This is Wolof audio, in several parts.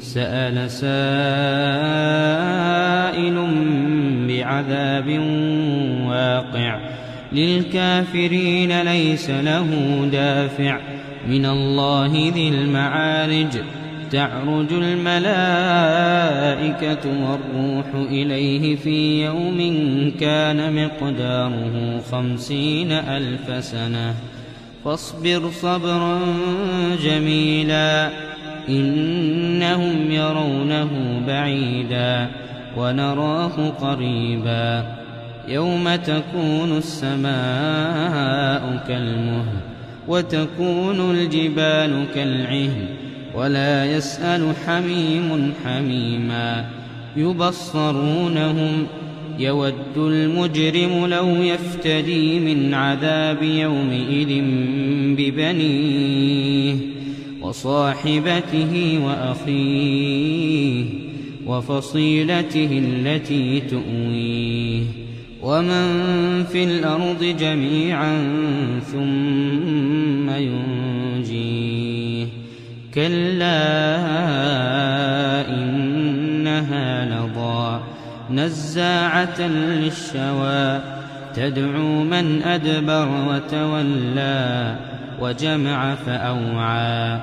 سأل سائل بعذاب واقع للكافرين ليس له دافع من الله ذي المعارج تعرج الملائكة والروح إليه في يوم كان مقداره خمسين ألف سنة فاصبر صبرا جميلا إنهم يرونه بعيدا ونراه قريبا يوم تكون السماء كالمهل وتكون الجبال كالعهن ولا يسأل حميم حميما يبصرونهم يود المجرم لو يفتدي من عذاب يومئذ ببنيه وصاحبته وأخيه وفصيلته التي تؤويه ومن في الأرض جميعا ثم ينجيه كلا إنها لضا نزاعة للشوى تدعو من أدبر وتولى وجمع فأوعى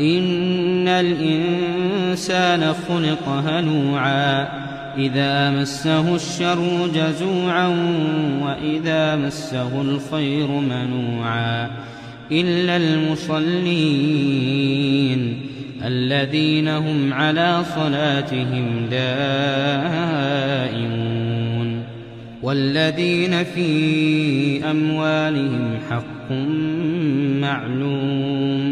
إن الإنسان خلق هلوعا إذا مسه الشر جزوعا وإذا مسه الخير منوعا إلا المصلين الذين هم على صلاتهم دائمون والذين في أموالهم حق معلوم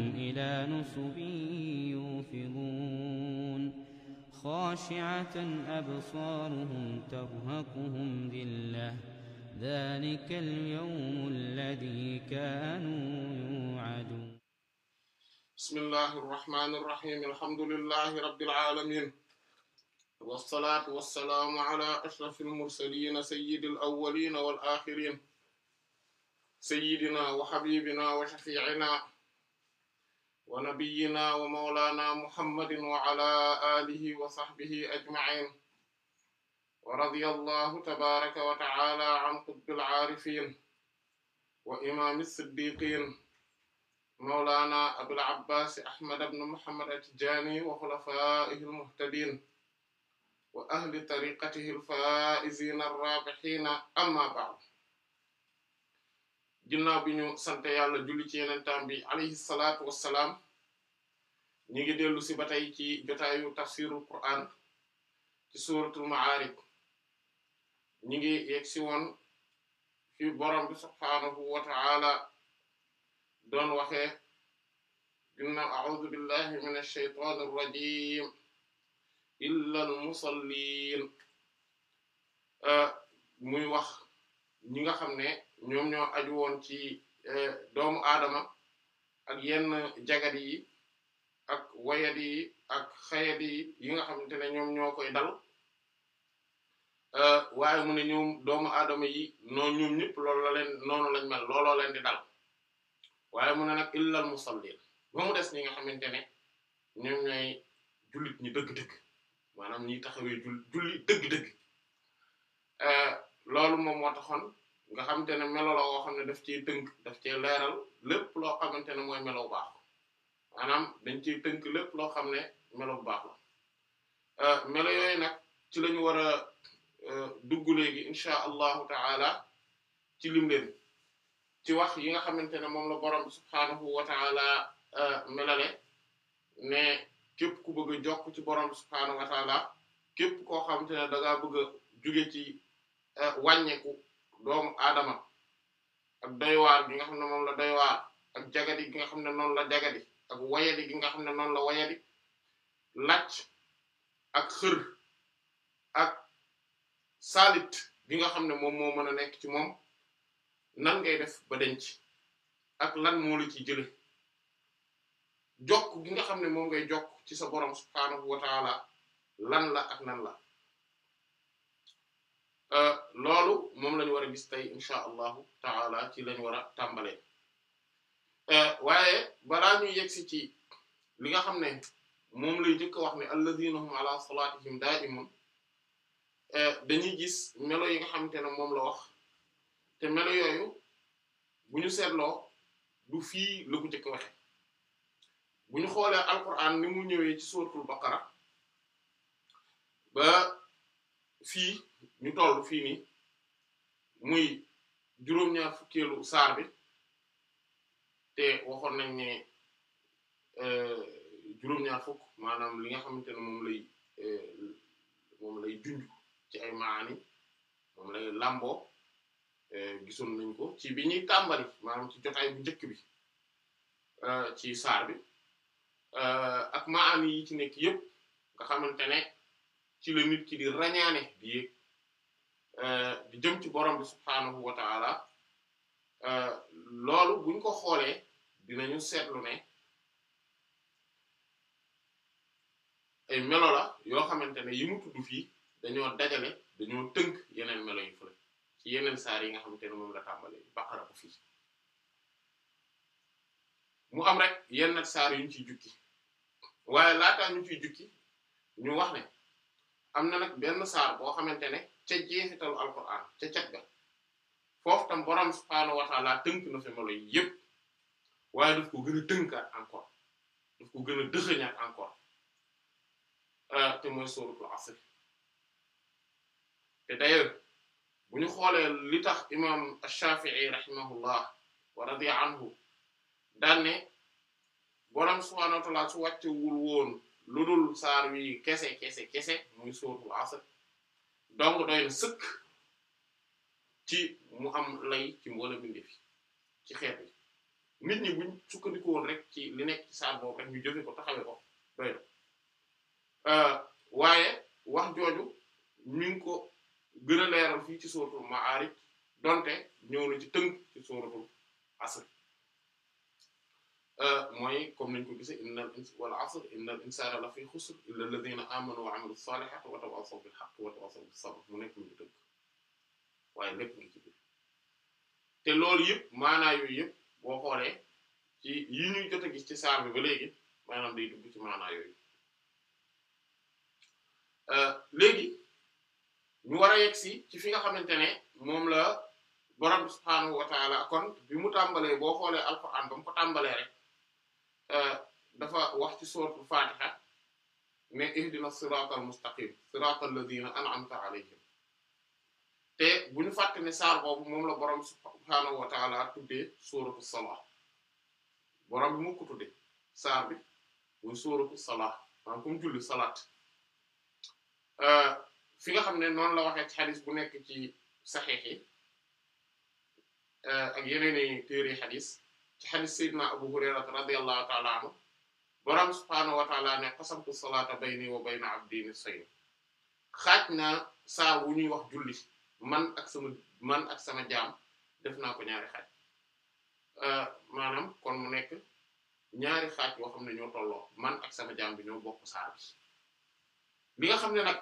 خاشعة أبصارهم ترهقهم ذلة ذلك اليوم الذي كانوا يوعدون بسم الله الرحمن الرحيم الحمد لله رب العالمين والصلاة والسلام على أشرف المرسلين سيد الأولين والآخرين سيدنا وحبيبنا وشفيعنا wa nabiyyina wa mawlana muhammadin wa ala alihi wa sahbihi ajma'in wa radiyallahu tabaraka wa ta'ala an qutbil aarifin wa imaami siddiqin mawlana abul abbas ahmad ibn muhammad at-tijani wa khulafaihi al-muhtadin wa ahli tariqatihi al-faizina ar-rabihina amma ba'd ginnaaw bi ñu sante yàlla julli ci yenentaam bi alayhi salaatu wassalaam ñu ngi dellu si tey ci jotaayu tafsirul quran ci suratul ma'arij ñu ngi yegg si woon fi borom bi subhaanahu wa ta'ala doon waxee ginnaaw billahi minash shaytaanir rajiim illal musalliin muy wax ñi nga xam ne ñoom ñoo aju woon ci eh, doomu aadama ak yenn jagat yi ak wayadi yi ak xayadi yi yi nga xamante ñoom ñoo koy dal eh, waaye mu ne ñoom doomu aadama yi noonu ñoom ñëpp loolu la leen lañ mel looloo leen di dal waaye mu ne nag illal musallin ba des ñi nga xamante ne ñoom ñooy jullit ñi dëgg-dëgg maanaam ñi taxawee julli dëgg-dëgg eh, loolu moom moo nga xamante ne melo la woo xam ne daf ciy tënk daf cee leeral lépp loo xamante ne mooy melo baax maanaam dañ ciy tënk lépp loo xam ne melo bu baax la euh, melo yooyu nag ci lañu ñu war a euh, dugg léegi incha allahu ta'ala ci lim ci wax yi nga xamante ne moom la borom bi subhaanahu wa ta'ala euh, melale ne képp ku bëgg jokk ci borom bi subhaanahu képp koo xamante ne da ngaa bëgg a jóge ci wàññeeku. doomu aadama ak doywaar gi nga xam ne moom la doywaar ak jagadi gi nga xam ne noonu la jagadi ak wayadi gi nga xam ne noonu la wayadi lacc ak xër ak salit gi nga xam ne moom moo mën a nekk ci moom nan ngay def ba denc ak lan moo ci jële jokk gi nga xam ne moom ngay jokk ci sa borom subhaanahu wa taala lan la ak nan la Euh, loolu moom la ñu war a gis tey incha allahu taala ci la ñu war a tàmbalee euh, waaye balaa ñu yegsi ci li nga xam ne moom lay njëkk wax ne alladhina hum ala salatihim moom euh, dañuy gis melo yi nga xamante ne moom la wax te melo yooyu bu ñu seetloo du fii la ko njëkk waxe bu ñu xoolee alquran ni mu ñëwee ci suratul baqara ba fii ñu toll fii muy juróom-ñaar fukkeelu saar bi te waxoon nañ ne euh, juróom-ñaar fukk maanaam li nga xamante ne moom lay euh, moom lay junj ci ay maani moom lay làmboo euh, gisoon nañ ko ci bi ñuy tàmbali maanaam ci jotaay bu njëkk bi ci saar bi ak maani yi ci nekk yépp nga xamante ne ci la nit ki di rañaane di yéeg Euh, di jëm ci borom bi subhaanahu wa ta'ala euh, loolu buñ ko xoolee dinañu seetlu ne ay melo la yoo xamante ne yi mu tudd fii dañoo dajale dañoo tënk yeneen melo yi fële ci yeneen saar yi nga xamante ne moom la tàmbalee baqara bu fii mu am rek yenn saar yuñ ci jukki waaye laataa ñu ciy jukki ñu wax ne am na nag benn saar boo xamante ne ca jeexitalu alquran ca cat ga foofu tam borom subhaanahu wa tënk na fi melo yi waaye daf ko gën a tënkaat encore daf ko gën a dëxëñaat encore ah, te mooy suratul asr te d'ailleurs bu ñu xoolee li tax imam ash-Shafi'i rahimahullah wa radiya anhu daan ne borom subhaanahu wa ta'ala su wàccewul woon lu dul saar wi kese kese kese muy suratul asr donc doy na sëkk ci mu am lay ci mboolem mbindeef fi ci xeet bi nit ñi buñ sukkandiku woon rek ci li nekk ci saar boobu rek ñu jëfe ko taxawee ko doy na euh, waaye wax jooju mi ngi ko gën a leeral fii ci sóoratul Ma'ârij donte ñëw na ci tënk ci sóoratul Asr Euh, mooy comme nañ ko gisee innal ins wal asr innal insana la fi xusr illa alladhina amanu wa amilu salihati wa tawasaw bil haqqi wa tawasaw bis sabr mu nekk ñu dëgg waaye lépp ngi ci biir te loolu yëpp maanaa yooyu yëpp boo xoolee ci yi ñuy jot a gis ci saar bi ba léegi maanaam day dugg ci maanaa yooyu euh, léegi ñu war a yegg si ci fi nga xamante ne moom la borom subhaanahu wa ta'ala kon bi mu tàmbalee boo xoolee alquran ba mu ko tàmbalee rek Euh, dafa wax ci suratul fatiha ne ihdina siratal mustaqim siratal ladina an'amta alayhim te bu ñu fàtte ne saar boobu moom la borom subhaanahu wa taala tuddee suratul salah borom bi mu ko saar bi muy suratul salah maanaam comme julli salaat euh, fi nga xam ne noonu la waxee ci xadis bu nekk ci saxiix yi euh, ak yeneen téere xadis ci xadis sayyidina Abu Hurayra radiyallahu ta'ala anhu borom subhaanahu wa ta'ala ne qasamtu salaata bayni wa bayna abdi nisfayn xaaj naa saa wu ñuy wax julli man ak sama man ak sama jaam def naa ko ñaari xaaj euh, maanaam kon mu nekk ñaari xaaj yoo xam ne ñoo tolloo man ak sama jaam bi ñoo bokk saa bi li nga xam ne nag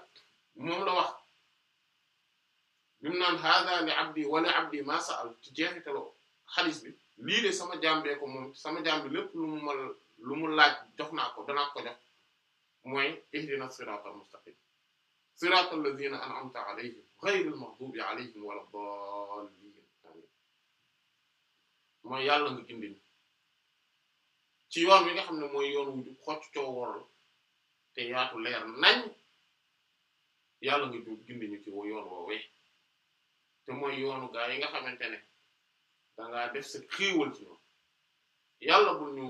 moom la wax bi naan haada li abdi wa abdi ma sa'al ci jeexitalu xadis bi. lii de sama jàmbee ko moom sama jàmbi lépp lu mu laaj jox naa ko danaa ko jox mooy ihdina siratal mustaqim siratal lazina an'amta alayhim ghayril maghdubi alayhim yàlla nga gindi ci yoon wi nga xam ne mooy yoon wu jub xocc coo woral te mooy yoonu gaa yi nga xamante ne dangaa def sa xéewal ci ñoom yàlla bul ñu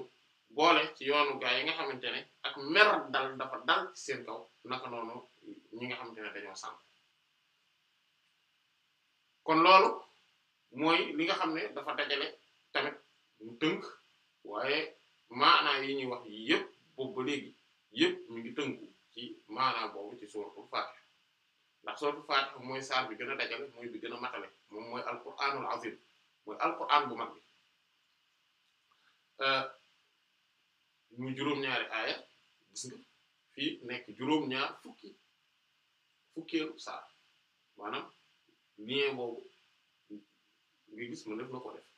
boole ci yoonu gaa yi nga xamante ne ak mer dal dafa dal ci seen kaw naka noonu ñi nga xamante ne dañoo sànq kon loolu mooy li nga xam ne dafa dajale tamit mu tënk waaye maanaa yi ñuy wax yi yëpp boobu léegi yëpp ñu ngi tënku ci maanaa boobu ci suuratul Faatiha ndax suuratul Faatiha mooy saar bi gën a dajale mooy bi gën a matale moom mooy alquraanul aziim mooy alquran bu mag bi euh, muy juróom-ñaari aaya gis nga fii nekk juróom-ñaar fukki fukkeelu saar maanaam lien boobu nga gis mu def la ko def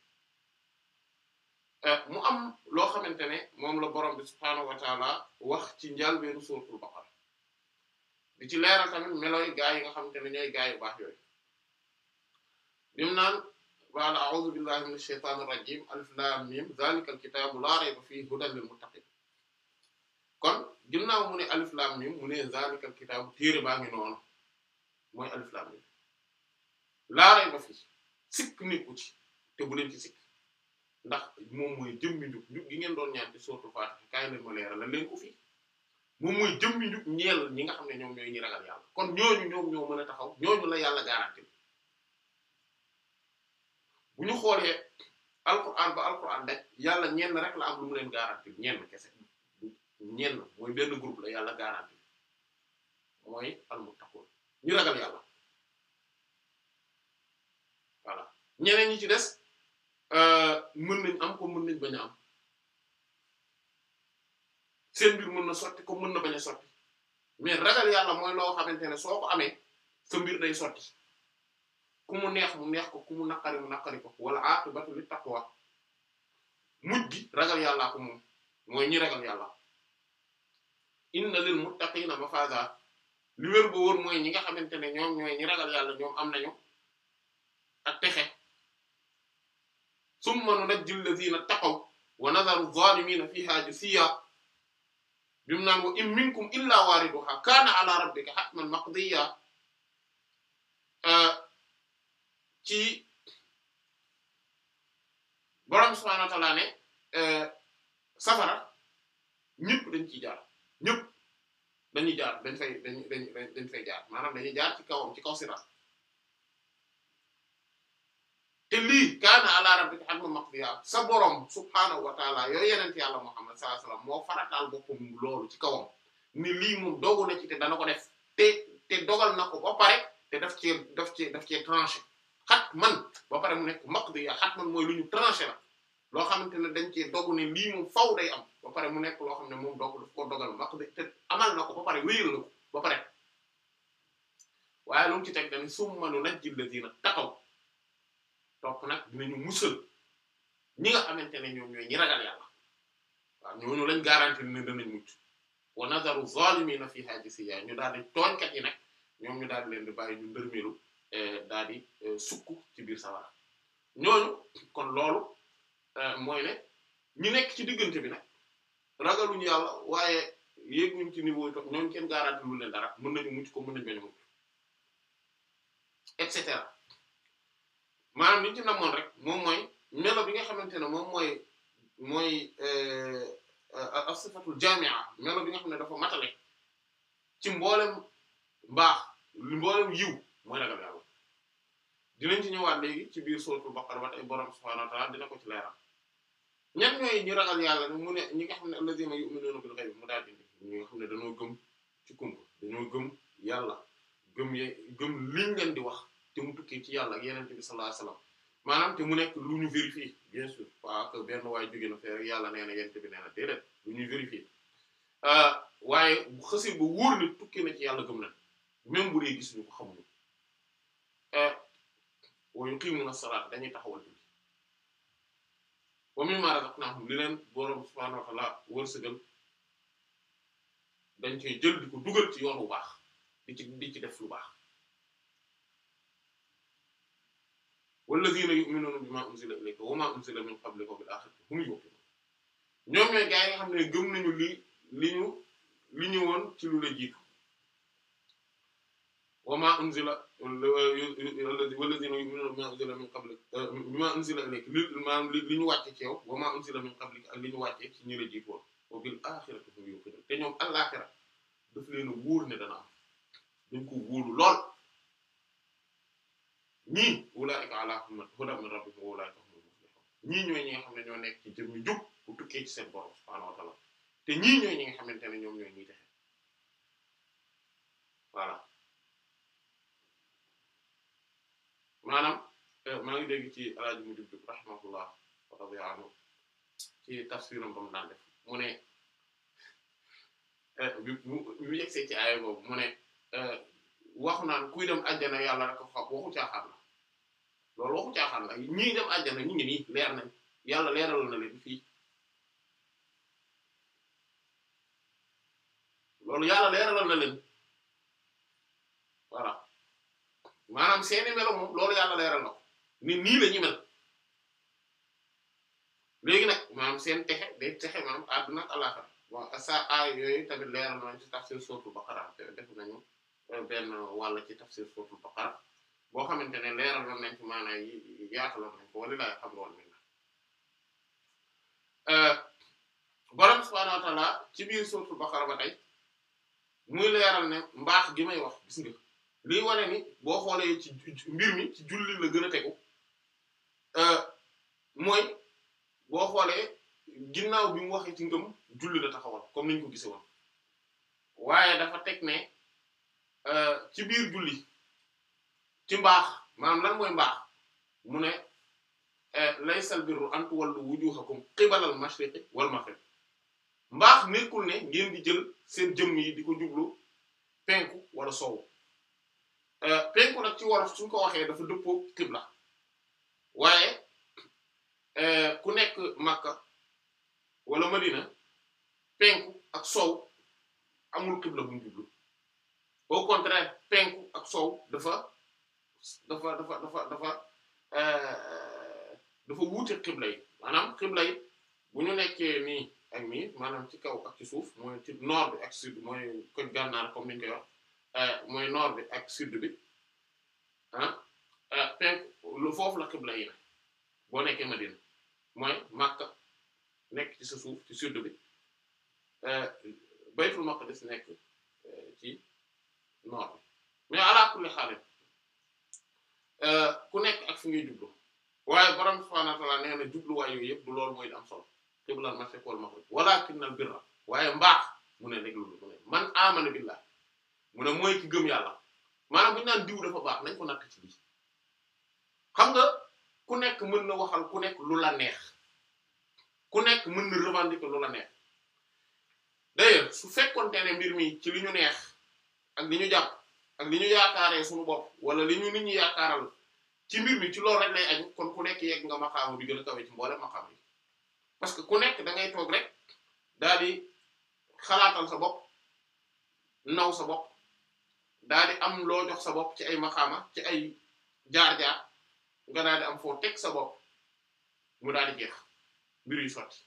euh, mu am loo xamante ne moom la borom bi subhaanahu wa wax ci njàlbéenu suuratul baqara di ci leeral tamit melooy gaa yi nga xamante ne ñooy gaa yu baax yooyu dim ba'da a'uuzu billahi minash shaytaanir rajiim alif laam miim zaalikal kitaabu laa rayba fiihi hudan ginnaaw mu ne alif laam miim mu ne zaalikal kitaabu téere baa ngi noonu mooy alif laam miim laa rayba fiihi sikk nekku ci te bu leen ci sikk ndax moom mooy jëmmi gi ngeen doon ñaan ci suratul Faatiha kaay leen ma leeral xam ne ñoom ñooy ñi ragal kon ñooñu ñoom ñoo mën taxaw ñooñu la yàlla garanti bu ñu xoolee alquran ba alquran daj yàlla ñenn rek la am lu mu leen garanti ñenn kese ñenn mooy benn groupe la yàlla garanti mooy almuttaqun ñu ragal yàlla voilà ñeneen ñi ci des euh, mën nañ am ko mën nañ bañ am seen mbir mën na sotti ko mën na bañ a sotti mais ragal yàlla mooy loo xamante ne soo ko amee sa mbir day sotti ku neex mu neex ko ku mu naqari mu naqari ko wala aqibatu lit taqwa mujj gi ragal yàllaa ko moom mooy ñi ragal yàlla inna lil muttaqina mafaza li wér bu wóor mooy ñi nga xamante ne ñoom ñooy ñi ragal yàlla ñoom am nañu ak texe summa nunajji alladhina taqaw wa nadharu adh-dhalimina fiha jithiya bi mu naan wa in minkum illa wariduha kana ala rabbika hatman maqdiya ci borom subhaanahu wa ta'aala ne euh, safara ñëpp dañ ciy jaar ñëpp dañuy jaar dañ fay dañ dañ jaar maanaam dañuy jaar ci kawam ci kaw siraat te lii kaana ala rabbika hatman maqdiya sa borom subhaanahu wa ta'aala yooyu yeneen yàlla Muhammad sallallahu alayhi wasallam moo farataal boppam loolu ci kawam ni lii moom dogu ci te dana ko def te dogal na ko ba pare te daf cee daf cee tranché. xat man ba pare mu nekk maq bi yaa xat man mooy lu ñu tranché la loo xamante ne dañ cee dogu ne lii moom faw day am ba pare mu nekk loo xam ne moom doog daf koo dogal maq bi te amal na ko ba pare wéyal na ko ba pare waaye lu mu ci teg dañ summa nunajji alladhina taqaw topp nag dinañu musal ñi nga xamante ne ñoom ñooy ñi ragal yàlla waaw ñooñu lañ garanti ne danañ mucc wa nazaru zalimina fiha jisiya ñu daal di tooñkat yi nag ñoom ñu daal di leen di bàyyi ñu ndërmeelu Euh, daal di euh, sukk ci biir sawara ñooñu kon loolu euh, mooy ne ñu nekk ci diggante bi nag ragaluñu yàlla waaye yéeguñu ci niveau yi toog ñooñu kenn garanti lu leen dara mën na mucc ko mën nañu bañ a mucc et cetera maanaam liñ ci namoon rek moom mooy melo bi nga xamante ne moom mooy mooy as-sifatul jaami'a melo bi nga xam ne dafa matale ci mboolem mbaax mboolem yiw mooy ragal yàlla dinañ ci ñëwaat léegi ci biir suratul baqara ba tey borom subhaanahu wa ta'ala dina ko ci leeral ñan ñooy ñu ragal yàlla mu ne ñi nga xam ne daal di ñi nga xam ne dañoo gëm ci kumb dañoo gëm yàlla gëm ye gëm liñ di wax te mu tukkee ci yàlla ak yenente bi sallallahu alayhi wasallam maanaam te mu nekk lu ñu vérifier bien sûr pas benn waay jóge na fee yàlla nee na yenente bi nee na déedéet lu ñu vérifier euh, waaye bu ba wóor ne tukkee na ci yàlla gëm na même bu dee gis ñu ko xamuñu euh, wa yuqiimuuna salaat dañuy taxawal julli wa mimmaa razaqnaahum li leen boroom subhaanahu wa ta'aala wërsëgal dañ koy jël di ko dugal ci yoon bu baax di ci di ci def lu baax wallaziina yu'minuuna bimaa unzila ilayka wa maa unzila min qablika wa bil aaxirati hum yuuqinuun ñoom ñooy gaa yi nga xam ne gëm nañu li li ñu woon ci lu la jiitu wa ma unzila walladhina yu'minuna bima unzila min qablik unzila li maanaam li ñu wàcce ci yow wa ma unzila min qablik li ñu wàcce ci ñi la jiitoon wa bil akhirati hum yuqinun te ñoom al-akhira daf leen a ne dana am dañ ko wóolu lool ñii ulaa'ika ala hudan min rabbihim wa ulaa'ika humul muflihun ñii ñooy ñi nga xam ne ñoo nekk ci jëm yu jub bu tukkee ci seen borom subhaanahu te ñii ñooy ñi nga xamante ne ñoom ñooy ñuy texe maanaam eh, maa ngi dégg ci alaaji mu jubjub rahimahullah wa radiya ci tafsiram ba daan def mu ne eh, bi mu yegsee ci aaya boobu mu ne eh, waxu naan kuy dem àjjana yàlla rek xam waxu caaxaan la loolu waxu caaxaan la ñii dem àjjana ñu ngi ni leer nañ yàlla leeral na leen fii loolu yàlla leeralal na leen maanam seeni melo moom loolu yàlla leeral na ko ni nii la ñu mel léegi nag maanaam seen texe day texe maanaam àdduna ak àllaxira bon sa yooyu tamit leeral na ci tafsir suratul baqara def nañu euh, benn wàll ci tafsir suratul boo xamante ne leeral na nañ ci maanaam yi yaataloon nañ ko wala laay xam loolu mi euh, borom subhaanahu wa ta'aala ci biir suratul baqara ba tey muy leeral ne mbaax gi may wax gis liy wane ni boo xoolee ci mbir mi ci julli la gën a tegu euh, mooy boo xoolee ginnaaw bi mu waxee ci ngëm julli la taxawal comme niñ ko gisee woon waaye dafa teg ne euh, ci biir julli ci mbaax maanaam lan mooy mbaax mu ne euh, laysal birru an tuwallu wujuhakum qibalal mashriqi wal maghrib mbaax nekkul ne ngeen di jël seen jëm yi di ko jublu penku walla soowu Euh, penku nag ci wolof suñ ko waxee dafa dëppoo kibla waaye euh, ku nekk Makka wala marina penku ak sow amul kibla bu ñu jublu au contraire penku ak sow dafa dafa dafa dafa dafa euh, dafa wuute kibla yi maanaam kibla yi bu ñu nekkee nii ak nii maanaam ci kaw ak ci suuf mooy ci nord bi ak sud mooy ko gànnaar comme ni ñu Euh, mooy nord bi ak sud bi ah penk euh, lu foofu la xibla yi ne boo nekkee Madina mooy Makka nekk ci sa suuf ci sud bi euh, Baytul si nekk ci nord bi mais ala kulli xaal ku nekk ak fi ngay jublu waaye borom subhaanahu wa ta'aala nee na jubluwaay yooyu yëpp du loolu mooy am solo xibla al mashriq wal maghrib walaakinal birra waaye mbaax mu ne léegi lu mu ne man amana billah mu ne mooy ki gëm yàlla maa bu ñu naan diw dafa baax nañ ko natt ci lii xam nga ku nekk mën na waxal ku nekk lu la neex ku nekk mën na revendiquer lu la su fekkoonte ne mbir mi ci li neex ak li ñu jàpp ak li ñu yaakaaree suñu bopp wala li ñu nit ñi yaakaaral ci mbir mi ci loolu rek lay aju kon ku nekk yegg nga maxaamu bi gën a kawe ci mboolem maxaam yi parce que ku nekk da ngay toog rek daal di xalaatal sa bopp naw sa bopp. daal am loo jox sa bopp ci ay maxaama ci ay jaar-jaar nga daal am foo teg sa bopp mu daal di jeex mbir yu sotti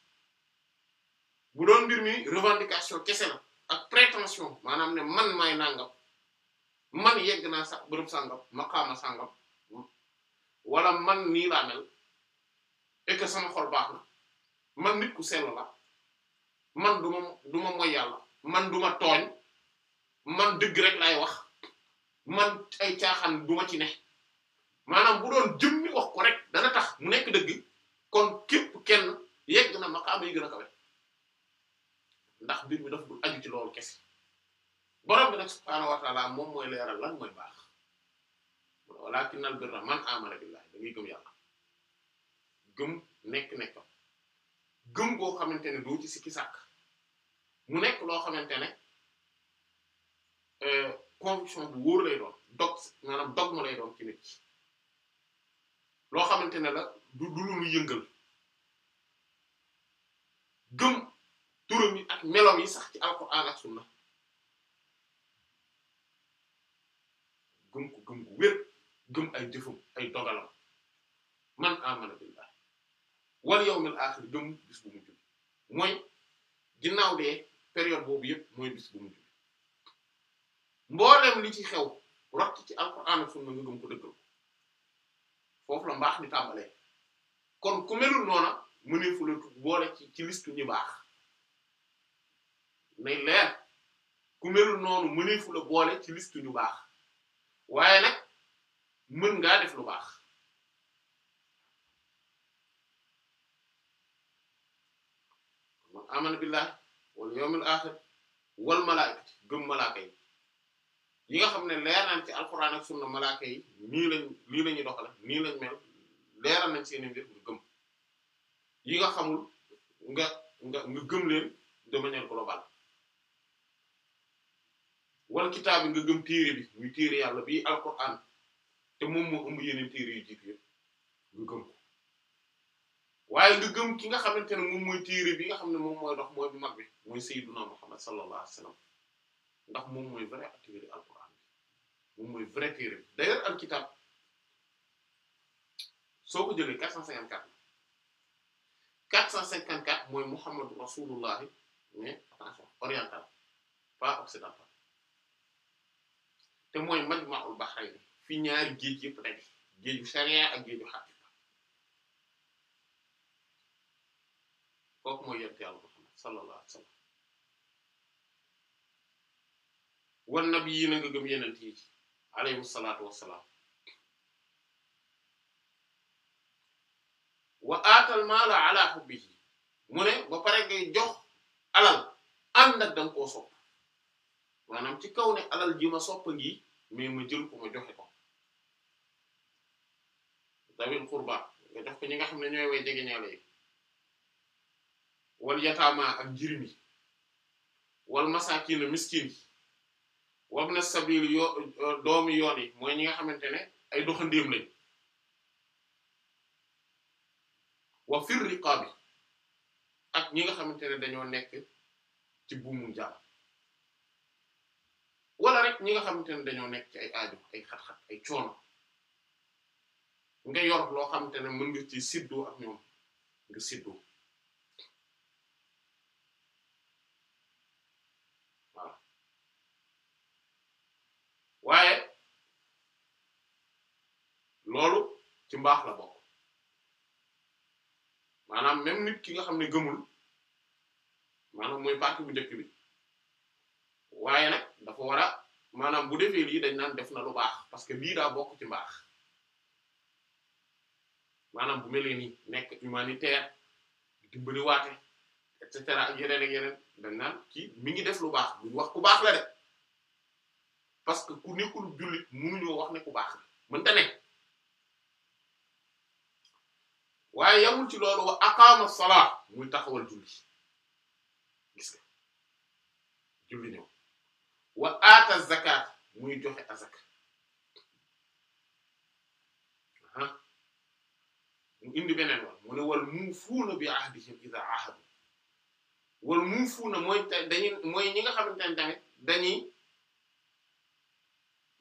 bu doon mbir mi revendication kese la ak prétention maanaam ne man may nangam man yegg naa sa bërëb sangam maxaama sangam wala man nii laa mel sama xol baax na man nit ku sell la man du ma moy yàlla man du ma tooñ man dëgg rek laay wax man ay caaxaan du ci ne maanaam bu doon jëm ni wax ko rek dana tax mu nekk dëgg kon képp kenn yegg na maqaama yi gën a kawe ndax mbir mu dafa dul aju ci loolu kese borom bi nag subhaanahu wa moom mooy leeral lan mooy baax walaakinnal birra man amana billahi da ngay gëm yàlla gëm nekk-nekkam gëm goo xamante ne doo ci sikki sàkk mu nekk loo xamante ne. Euh, conviction bu wóor lay doon dog maanaam dog mu lay doon ci nit loo xamante ne la du du lu yëngal gëm turam yi ak meloom yi sax ci alquran ak sunna gëm ko gëm gu wér gëm ay jëfam ay dogalam man amana billah wal yawmil axir gëm bis bu mujj mooy ginnaaw dee période boobu yëpp mooy bis bu mujj mbooleem li ci xew rot ci alquran ak sunna nga gëm ko dëggal foofu la mbaax ni tàmbalee kon ku melul noona boole ci ci liste ñu baax nay leer ku melul noonu mëneefu la boole ci liste ñu baax waaye nag mën ngaa def lu baax man amana billahi wal yawmil akhir wal malaikati gëm malaaka yi nga xam ne leer nañ ci alquran ak na malaaka yi nii lañ nii la ñuy doxale nii lañ mel leeral nañ seeni mbir nga gëm yi nga xam nga nga gëm leen de manière globale wal kitaab bi nga gëm téere bi muy téere yàlla bii alquran te moom moo ëmb yeneen téere yu jiitu ko waaye nga gëm ki nga xamante ne moom mooy téere bi nga xam ne moom mooy dox mooy bu mag bi mooy sayyiduna Muhammad sallallahu alayhi ndax moom mooy vrai activité alquran moom mooy vrai téere bi d'ailleurs al kitab soo ko jëlee 454 454 mooy Muhammadu Rasulullahi mais attention oriental pas occidental te mooy Majma'ul Bahrayn fi ñaari géej yëpp daje géeju sharia ak géeju xaqiqa kooku mooy yent yàlla Muhammad sallallahu alayhi wa sallam yi na gëm yeneen yi alayhi salaatu wassalaam wa aatal maala ala hubbihi mu ne ba pare ngay jox alal ànd ak danga koo sopp maanaam ci kaw ne alal ji ma sopp ngi mais ma jël ko ma joxe ko dawil qurba nga jox ko ñi nga xam ne ñooy way jege ñaale yi wal yataama ak njirmi wal masaakiina miskin wabna sabil yo doomi yoon yi mooy ñi nga xamante ne ay doxandéem lañ wa fir riqaabi ak ñi nga xamante ne dañoo nekk ci buumu jaam wala rek ñi nga xamante ne dañoo nekk ci ay aajo ay xat-xat ay coono nga yor loo xamante ne mën nga ci siddu ak ñoom nga siddu waaye loolu ci mbaax la bokk maanaam même nit ki nga xam ne gëmul maanaam mooy partie bu njëkk bi waaye nag dafa war a maanaam bu defee lii dañ naan def na lu baax parce que lii daa bokk ci mbaax maanaam bu mel ni nekk humanitaire dimbali waate et cetera ak yeneen ak yeneen dañ naan kii mi ngi def lu baax bu wax ku baax la de parce que ku nekkul jullit mënuñoo wax ne ku baax mënta ne waaye yamul ci loolu wa aqaama salaa muy taxawal julli gis nga julli ñëw wa aata zakat muy joxe azak mu indi beneen wal mu ne wal muufuuna bi ahdihim idha ahadu wal muufuuna mooy dañuy mooy ñi nga xamante ne tamit dañuy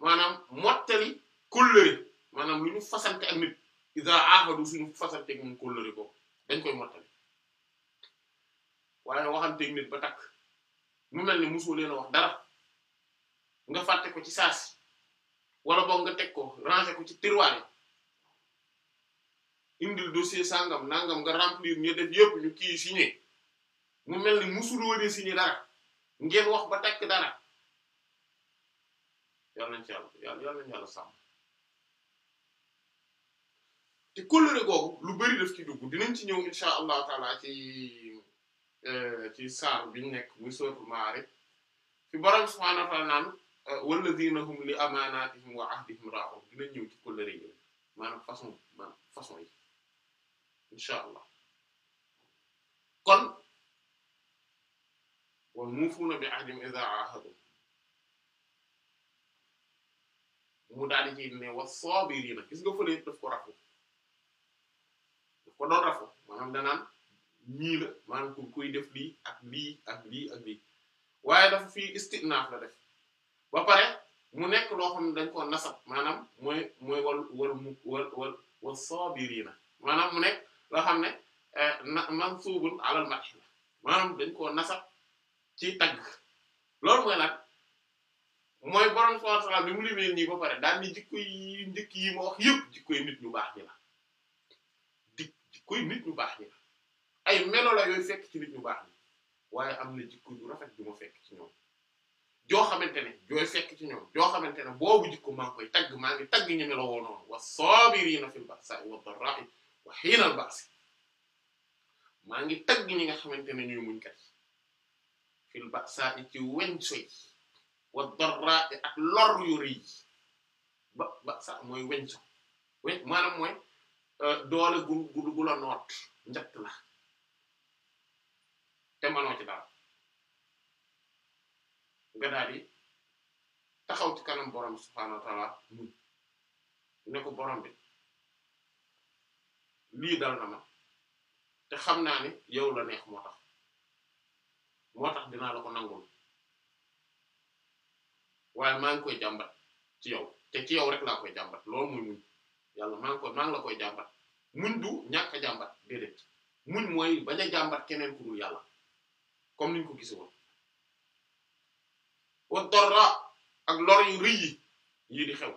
maanaam mottali kóllëre maanaam lu ñu fasante ak nit iza ahadu suñu fasante ak moom kóllëre boobu dañ koy mottali waaye waxanteeg nit ba takk mu mel ni mosoo leen a wax dara nga fàtte ko ci saasi wala boog nga teg ko ranger ci tiroir yi indil dossier sangam nangam nga remplir yëpp ñu kii signé mu mel ni mosuloo de dara ngeen wax ba takk dara. yal nañ ci yàlla yal yàlla sàmm te kóllëre googu lu bari daf ci dugg dinañ ci ñëw insha allah taala ci euh, ci saar biñ nekk muy sootu maari fi borom subhaanahu wa taala naan euh, walladina hum li amanatihim wa ahdihim raa'un dinañ ñëw ci kóllëre yi maanaam façon maanaam façon yi insha allah kon wal muufuuna bi ahdihim idha ahadu mu daal di ci ne wa saabiriina gis nga fële daf ko rafu daf ko doon rafu maanaam danaan ñii la maanaam ku kuy def lii ak lii ak lii ak lii waaye dafa fii istinaaf la def ba pare mu nekk loo xam ne dañ ko nasab maanaam mooy mooy wal wal mu wal wal wal saabiriina maanaam mu nekk loo xam ne eh, na mansuubun alal madh la maanaam dañ ko nasab ci tagg loolu mooy nag mooy borom subhaanahu wa ta'aala bi mu limee nii ba pare daal ni jikko yi njëkk yi ma wax yëpp jikkoy nit baax ñi la di nit ñu baax ñi la ay melo la yooyu fekk ci nit ñu baax ñi waaye am na jikko yu rafet ju ma fekk ci ñoom joo xamante ne jooy fekk ci ñoom joo xamante ne boobu jikko maa koy tagg maa ngi tagg ñu meloo woon wa saabiriina fil ba'saa'i wad darraa'i wa hiinal ba'si maa ngi tagg ñi nga xamante ne ñuy muñ kat fil ba'saa'i ci weñ soy wa darra ak lor yu rëy ba ba sax mooy weñso weñ maanaam mooy euh, doole gu gu gu la noot njëkk la te ma ci dara nga daal di taxaw ci kanam borom subhaanahu wa ta'aala mu ne borom bi lii dal na ma te xam naa ni yow la neex moo tax moo tax dinaa la ko nangul waaye maa ngi koy jàmbat ci yow te ci yow rek laa koy jàmbat loolu mooy muñ yàlla maa ngi koy maa ngi la koy jàmbat muñ du ñàkk a jàmbat déedéet muñ mooy bañ a jàmbat keneen ku dul yàlla comme niñ ko gise woon wa darra ak lor yu rëy yi yii di xew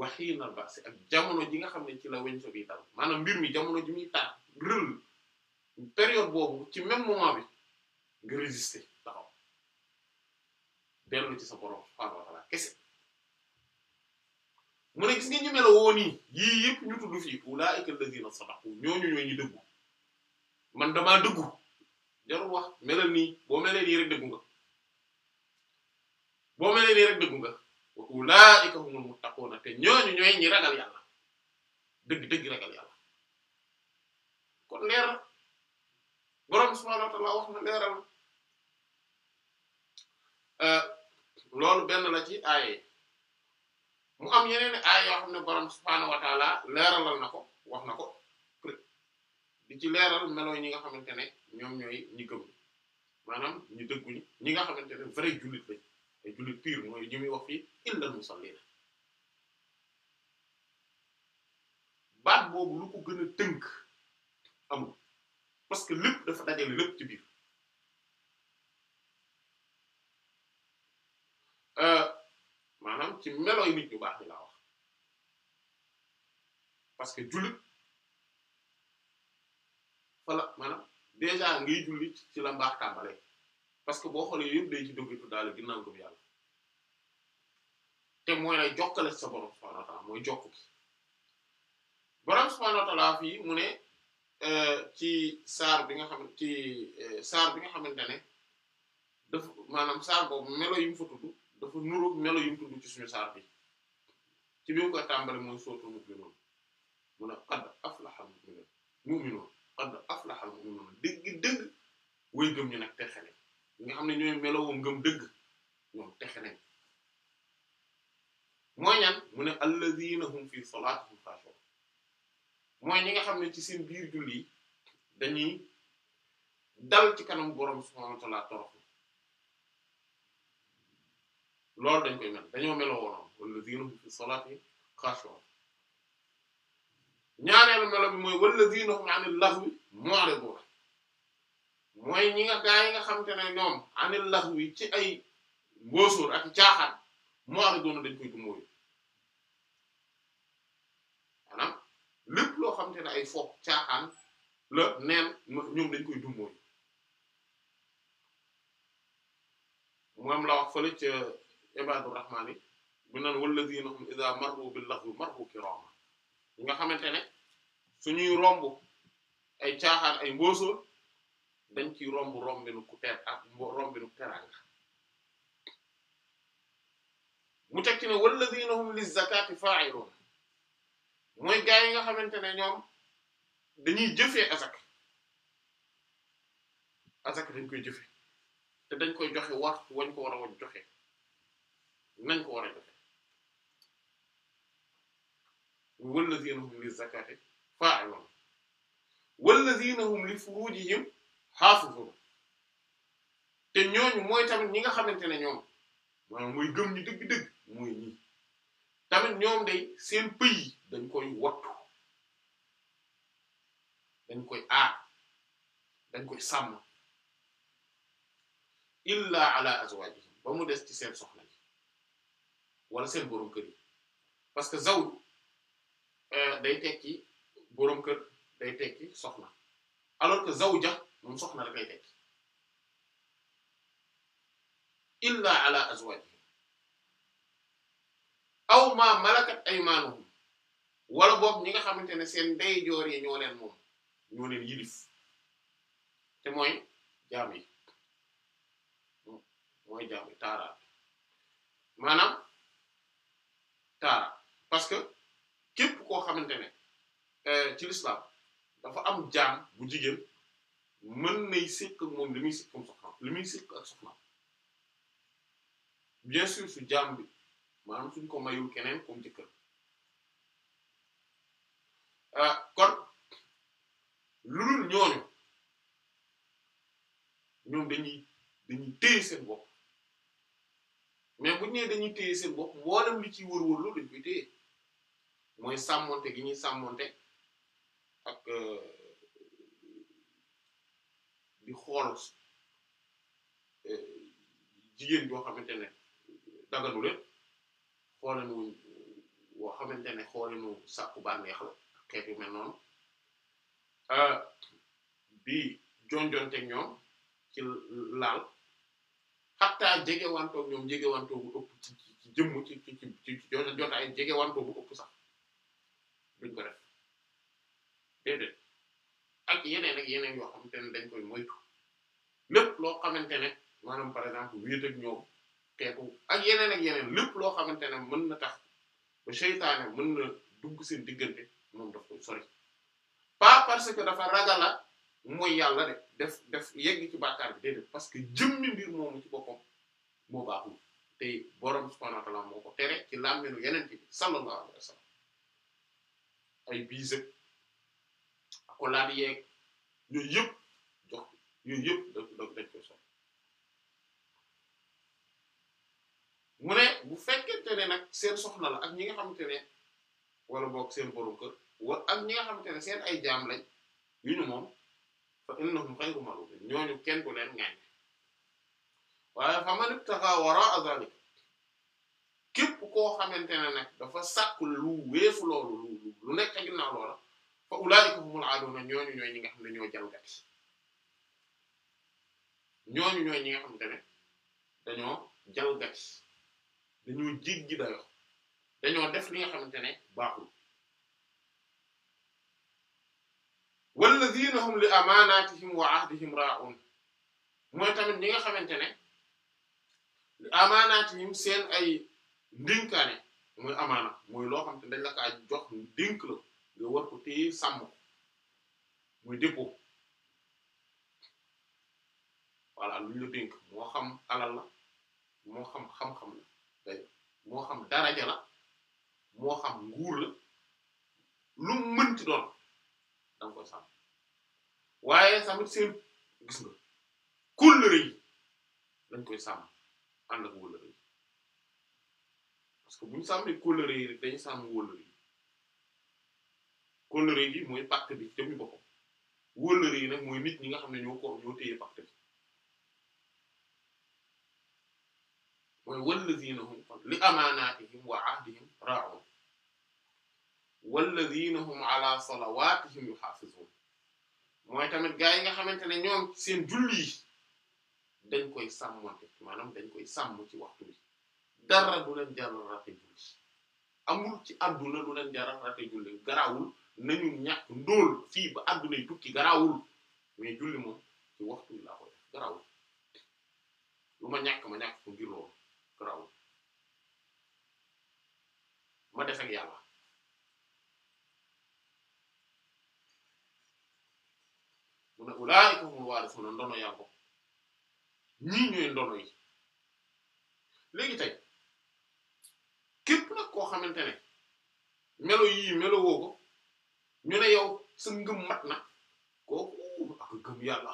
waxiinal ba si ak jamono ji nga xam ne ci la weñ so bi dal maanaam mbir mi jamono ji muy taar rël période boobu ci même moment bi nga résister dellu ci sa borom subhaanahu wa ta'ala kese mu ne gis nga ñu melo woon yii ñu tudd fii ulaa'ika allaziina sadaqu ñooñu ñooy dëggu man damaa dëggu jarul wax melal nii boo melee nii rek dëggu nga boo melee nii rek dëggu nga wa te ñooñu ñooy ñi ragal yàlla dëgg dëgg ragal yàlla kon leer borom subhaanahu wa ta'ala wax na leeral. loolu benn la ci aaye mu am yeneen aay yoo xam ne borom subhaanahu wa leeralal na ko wax na ko di ci leeral melo ñi nga xamante ne ñoom ñooy ñi gëm maanaam ñu dëgguñu ñi nga xamante ne vrai jullit lañ ay jullit pur mooy ñi muy wax fii illal musallina baat boobu lu ko gën tënk amul parce que lépp dafa dajale lépp ci Euh, maanaam ci yi nit ñu baax ni laa wax parce que jullit wala maanaam déjà ngay jullit ci la mbaax tàmbale parce que boo xoolee yëpp day ci doggitu daal ginnaaw gëm yàlla te mooy lay jokkale sa borom subhanahu wa ta'ala mooy jokku mu ne euh, ci saar bi nga xam ci euh, saar bi nga xamante ne daf maanaam saar boobu melo yi fa tudd dafa nuróog melo yu mu ci suñu saar bi ci bi mu koy tàmbale mooy sootul mu'minuun mu ne qad aflahal mu'minuun mu'minuun dëgg dëgg way gëm ñu nag texe nañ nga xam ne ñooy meloo ngëm dëgg ñoom texe nañ mooy ñan mu ne alladhiina hum fi salaatihim xaashi'uun mooy ñi nga xam ne ci seen biir julli dañuy dal ci kanam borom subhaanahu wa loolu dañ koy mel dañoo meloo woon wallazina hum fi salaati xaashi'uun ñaareelu melo bi mooy wallazina hum anil lahwi mu'riduun mooy ñi nga gaa yi nga xamante ne ñoom anil lahwi ci ay mbóosóor ak caaxaan mu'riduun dañ koy dumóoyu maanaam lépp loo xamante ne ay foog caaxaan la neen ñoom dañ koy dumóoyu moom la wax fële ca ibaadu rahmaani bu naan wallaziina hum izaa marru bil laghwi marru kiraama ñi nga xamante ne suñuy romb ay caaxaan ay mbóosóor dañ ciy romb rombinu ku ter ak rombinu teraanga mu teg ci ne wallaziina hum li mooy gaa yi nga xamante ne ñoom dañuy jëfee azak azak dañ koy jëfe te dañ koy joxe war wañ ko war a wañ joxe nañ ko war a def wallazina hum li zakati fa'ilun wallazina hum li furujihim hafizun te ñooñu mooy tamit ñi nga xamante ne ñoom maanaam mooy gëm ñi dëgg-dëgg mooy ñi tamit ñoom day seen pëy dañ koy wattu dañ koy aar dañ koy sàmm illa azwajihim ba mu des ci seen soxna wala seen borom kër parce que zawj euh, day tekki borom kër day tekki soxna alors que zawja moom soxna rek lay tekki illa ala azwajihim aw ma malakat aymanuhum wala boog ñi nga xamante ne seen ndeyjoor yi ñoo leen moom ñoo leen te mooy jaam mooy jaam yi taaraat taara parce que képp koo xamante ne euh, ci l'islam dafa am jaan bu jigéen mën nay sikk ak moom li muy sikk ak soxna li muy sikk bien sûr su jaam bi maanaam suñ ko mayul keneen comme jëkkër euh, kon lu dul ñooñu ñoom dañuy dañuy téye seen bopp mais buñ nee dañuy téye seen bopp mboolem li ci wër-wër loolu lañ téye mooy sàmmonte gi ñuy sàmmonte ak euh, di xool euh, jigéen joo xamante ne daganu leen xoolanu woo xamante ne xoolanu sàkku baa la xeet yu mel noonu euh, di jonjonte ñoom ci laal xattaa jegewantoo ñoom jegewantoo bu ëpp ci ci jëmm ci ci ci jotaay jegewantoo bu ëpp sax duñ ko def déedéet ak yeneen ak yeneen yoo xamante ne dañ koy moytu lépp loo xamante ne maanaam par exemple wéet ak ñoom teeku ak yeneen ak yeneen lépp loo xamante ne mën na tax ba seytaane mën na dugg seen diggante moom daf koy sori parce que dafa ragala mooy yàlla de def def yegg ci bàkkaar bi déedéet parce que jëmmi mbir moomu ci boppam moo baaxul te borom subhanahu wa moo ko tere ci làmmeenu yeneen bi sallallahu alayhi wa sallam ay bu fekkente ne nag seen soxna la ak ñi nga xamante ne wala boog seen borom kër ak ñi nga xamante seen ay jaam lañ yu ñu moom. fa innahum ghayru malumin ñooñu kenn du leen ngaañ waaye fa man ibtaxa waraa zalik képp koo xamante ne nag dafa sàkk lu weesu loolu lu nekk ci ginnaaw loola fa ulaa'ika humul aaduuna ñooñu xam ñoo jalgati ñooñu ñooy ñi dañoo jalgati dañoo jéggi dañoo def li nga xamante ne baaxul walladhina hum li amanatihim wa ahdihim ra'un mooy tamit ñi nga xamante ne li amanatihim seen ay ndinkaane mooy amaana mooy loo xamante ne dañ la kaa jox ndink la nga war ko téye sàmm muy dépôt voilà lu ñu la dénk moo xam alal la moo xam xam-xam la day moo xam daraja la moo xam nguur la lu mënti doon da nga koy sàmm waaye tamit seen gis nga kóllëre yi dañ koy sàmm ànd ak wóllëre yi parce que bu ñu sàmmee kóllëre yi rek dañuy sàmm wóllëre yi kóllëre yi mooy pacte bi jëmmi boppam wóllëre yi nag mooy nit ñi nga xam ne ñoo ko ñoo téye pacte bi mooy wallazina hum li amaanaatihim wa ahdihim raa'un walladhina hum ala salawatihim yuhafizun mooy tamit gaa yi nga xamante ne ñoom seen julli yi dañ koy sàmmante maanaam dañ koy sàmm ci waxtu bi dara du leen jaral rate julli amul ci àdduna du leen jaral rate julli garaawul nañu ñàkk ndóol fii ba àdduna yi tukki garaawul mais julli moom ci waxtu laa koy def lu ma ñàkk ma ñàkk ko ngir loolu garaawul ma def yàlla mu ne ulaa'ika humul waarisuuna ndono yaa ko ñii ñooy ndono yi léegi tey képp nag koo xamante ne melo yii melo woo ko ñu ne yow sa ngëm mat na kooku ak gëm yàlla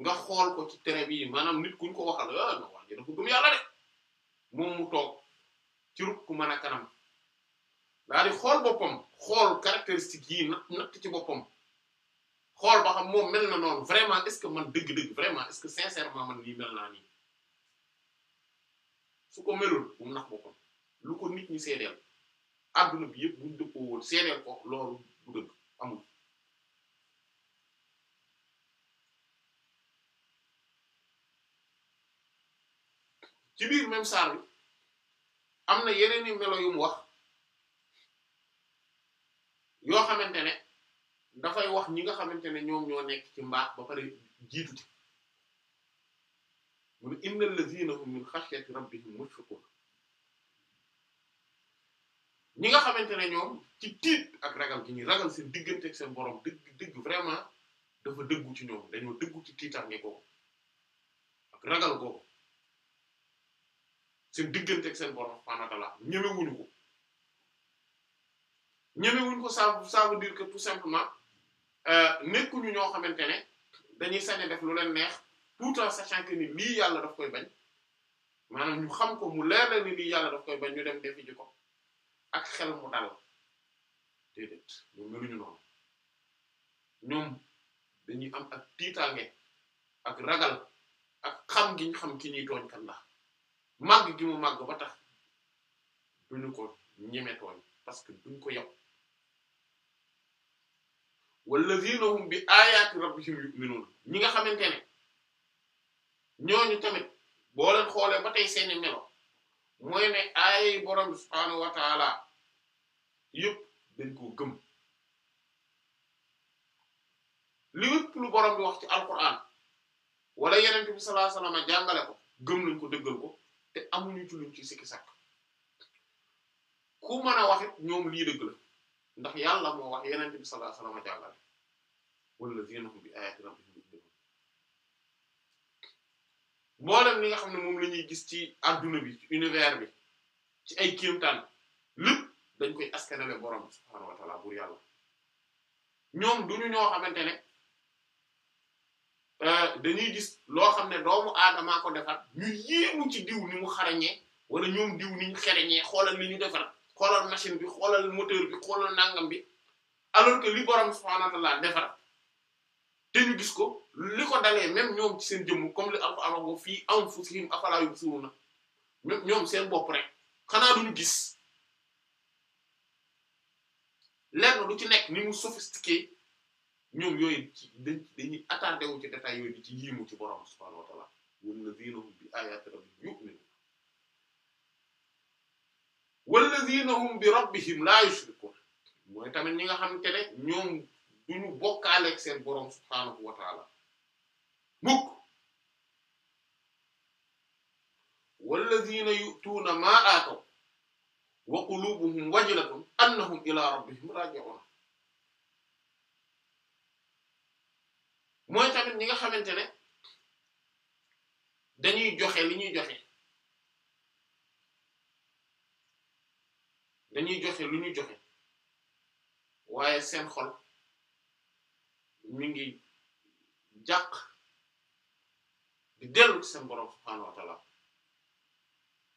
nga xool ko ci tere bi maanaam nit kuñ ko waxal ah non waa ji gëm yàlla de moom mu toog ci rukk ku mën a kanam daal di xool boppam xool caractéristique yi natt ci boppam. xool ba xam moom mel na noonu vraiment est-ce que man dëgg-dëgg vraiment est-ce que sincèrement man lii mel naa nii su ko melul bu nax boppam lu ko nit ñi seedeel adduna bi yëpp buñ dëppoo woon seedeel ko loolu du dëgg amul ci biir même saar bi am na yeneen melo yum wax yoo xamante ne dafay wax ñi nga xamante ne ñoom ñoo nekk ci mbaax ba pare jiitu ci mu ne innal lazina hum min xashyati rabbihim mushfiqun ñi nga xamante ne ñoom ci tiit ak ragal gi ñuy ragal seen diggante ak seen boroom dëgg digg vraiment dafa dëggu ci ñoom dañoo dëggu ci tiitaange googu ak ragal googu seen diggante ak seen borom subhaanahu wa ta'aala ko ñemewuñu ko ça ça veut dire que tout Euh, nekkuñu ñoo xamante ne dañuy sañ def lu leen neex tout en sachant ni lii yàlla daf koy bañ maanaam ñu xam ko mu leer la ni lii yàlla daf koy bañ ñu dem defi ko ak xel mu dal déedéet ñoom meluñu noonu ñoom dañuy am ak tiitaange ak ragal ak xam gi ñu xam ki ñuy tooñ kan la màgg gi mu màgg ba tax duñu ko ñeme tooñ parce que duñ ko yow wala wallazina hum bi ayati rabbihim yu'minun ñi nga xamante ne ñooñu tamit boole xoolee ba tey seeni melo mooy ne aaya yi borom bi subhaanahu wa dañ koo gëm li yëpp lu borom bi wax ci alquran wala yeneen bi sallallahu alayhi wasallam jàngale ko gëm nañ ko dëggal ko te amuñu ci luñ ci sikki sàkk ku mën a wax it ñoom lii dëgg la ndax yàlla moo wax yeneen bi sallallahu alayhi wasallam jàllale wallazina hum bi ayati rabbihim yu'minun mboolem li nga xam ne moom lañuy gis ci àdduna bi ci bi ci ay kéemtaan lépp dañ koy askanale borom subhaanahu wa ta'ala buur yàlla ñoom duñu ñoo xamante ne euh, dañuy gis loo xam ne doomu aadamaa ko defar ñu yéemu ci diw ni mu xarañee wala ñoom diw ni ñu xereñee xoolal li defar xoolal machine bi xoolal moteur bi xoolal nangam bi alors que li borom subhaanahu wa ta'aala defar te ñu gis ko li ko dalee même ñoom ci seen jëmm comme li Alxuraan wax fii anfusihim afalaa yubsiruun même ñoom seen bopp rek xanaa duñu gis lenn lu ci nekk ni mu sophistiqué ñoom yooyu ci dañuy attardé wu ci détail yooyu di ci yiimu ci borom subhaanahu wa ta'aala walladiina bi aayaati rabbihim yu'minuun wallazina hum bi rabbihim la yushrikun mooy tamit ñi nga xamante ne ñoom duñu bokkaaleeg seen boroom subhaanahu wa taala mukk wallazina yu'tuuna maa aataw wa qulubuhum wajilatun annahum ila rabbihim raaji'un mooy tamit ñi nga xamante ne dañuy joxe li ñuy joxe dañuy joxe lu ñu joxe waaye seen xol mi ngi jàq di dellu ci seen borom subhaanahu wa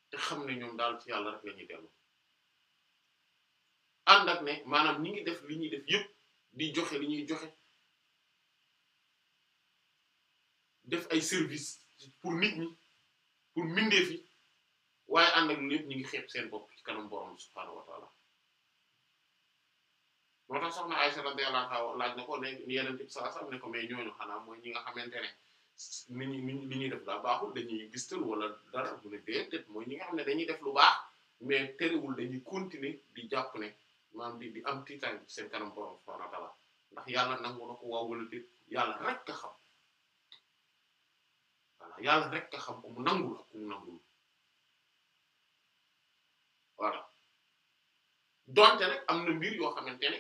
te xam ne ñoom daal ci yàlla rek la dellu ànd ak ne maanaam ñi ngi def li ñuy def yëpp di joxe li ñuy joxe def ay service pour nit ñi pour mbindeef waaye ànd ak lépp ñu ngi xeeb seen bopp ci kanam borom subhaanahu wa taala moo tax soxna Aysa radiyallahu anha laaj na ko ne yeneen tib saa sam ne ko mais ñooñu xanaa mooy ñi nga xamante ne ni ñu li ñuy def daa baaxul dañuy gistal wala dara bu ne déedéet ñi nga xam ne dañuy def lu baax mais terewul dañuy continuer di jàpp ne maanaam di di am tiitaay ci seen kanam borom subhaanahu wa ndax yàlla nangu na ko waaw wala déet yàlla rek ka xam yàlla rek ka xam ko mu nangul ak ku mu voilà donte nag am na mbir yoo xamante ne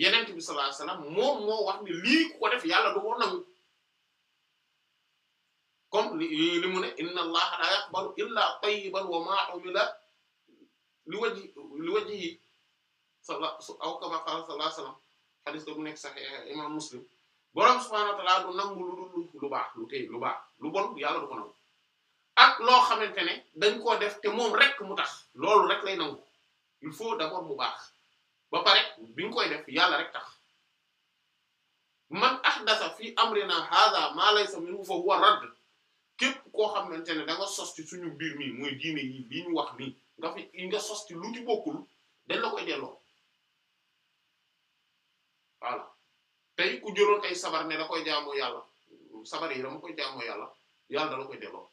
yenent bi sallallahu alayhi moom moo wax ne lii ko def yàlla du ko nangu comme li mu ne inna allaha la yaqbalu illa tayyiban wa ma umila li wajhi li wajhi sala aw kama qala sallallahu alayhi wasallam hadith da bu nekk sahih imam muslim borom subhanahu wa ta'ala nangu lu lu baax lu tey lu baax lu bon yàlla du ko nangu ak loo xamante ne dañ koo def te moom rek mu tax loolu rek lay nangu il faut d'abord bu baax ba pare bi nga koy def yàlla rek tax man ahdasa fi amrina hadha ma laysa minhu fa huwa radd képp koo xamante ne da sosti suñu mbir mii mooy diine yi li ñu wax nii nga fi nga sos lu ci bokkul dañ la koy delloo voilà tey ku jëloon ay sabar ne da koy jaamoo yàlla sabar yi dama koy jaamoo yàlla yàlla da la koy delloo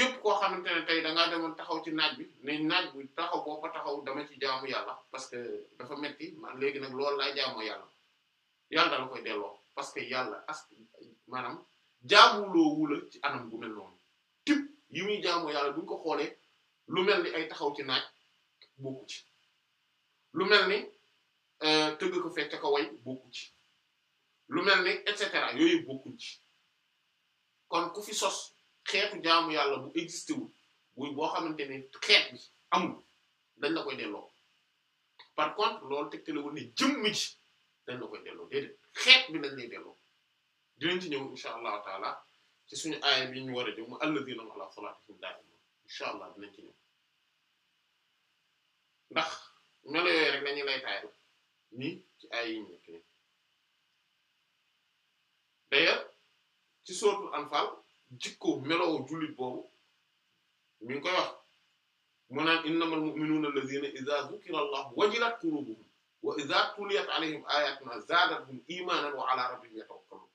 képp koo xamante ne tey da ngaa demoon taxaw ci naaj bi ne naaj bi taxaw boo ko taxaw dama ci jaamu yàlla parce que dafa metti man léegi nag loolu laa jaamoo yàlla yàlla la koy delloo parce que yàlla as maanaam jaamuloo wula ci anam gu mel noonu tip yi muy jaamoo yàlla buñ ko xoolee lu mel ni ay taxaw ci naaj bokku ci lu mel ni euh, tëgg ko fecc ko way bokku ci lu mel ni et cetera yooyu bokkuñ ci kon ku fi sos xeetu jaamu yàlla bu existé boo xamante ni xeet bi amul dañ la koy delloo par contre loolu tegtalewul ne jëmm ji dañ la koy delloo déedéet xeet bi lañ delloo dinañ ci ñëw incha allahu taala ci suñu aaya bi ñu war a jëm mu alladhina ala salatihim daa'imun incha allah dinañ ci ñëw ndax melo yooyu rek lañuy lay taayal nii ci aaya yi ñu nekk nii d'ailleurs ci sóotul anfal jikko meloo jullit boobu mi ngi koy wax mu naan innamal mu'minuuna allaziina izaa zukira allahu wajilat quluubuhum wa izaa tuliyat alayhim aayaatuna zaadathum iimaanan wa alaa rabbihim yatawakkaluun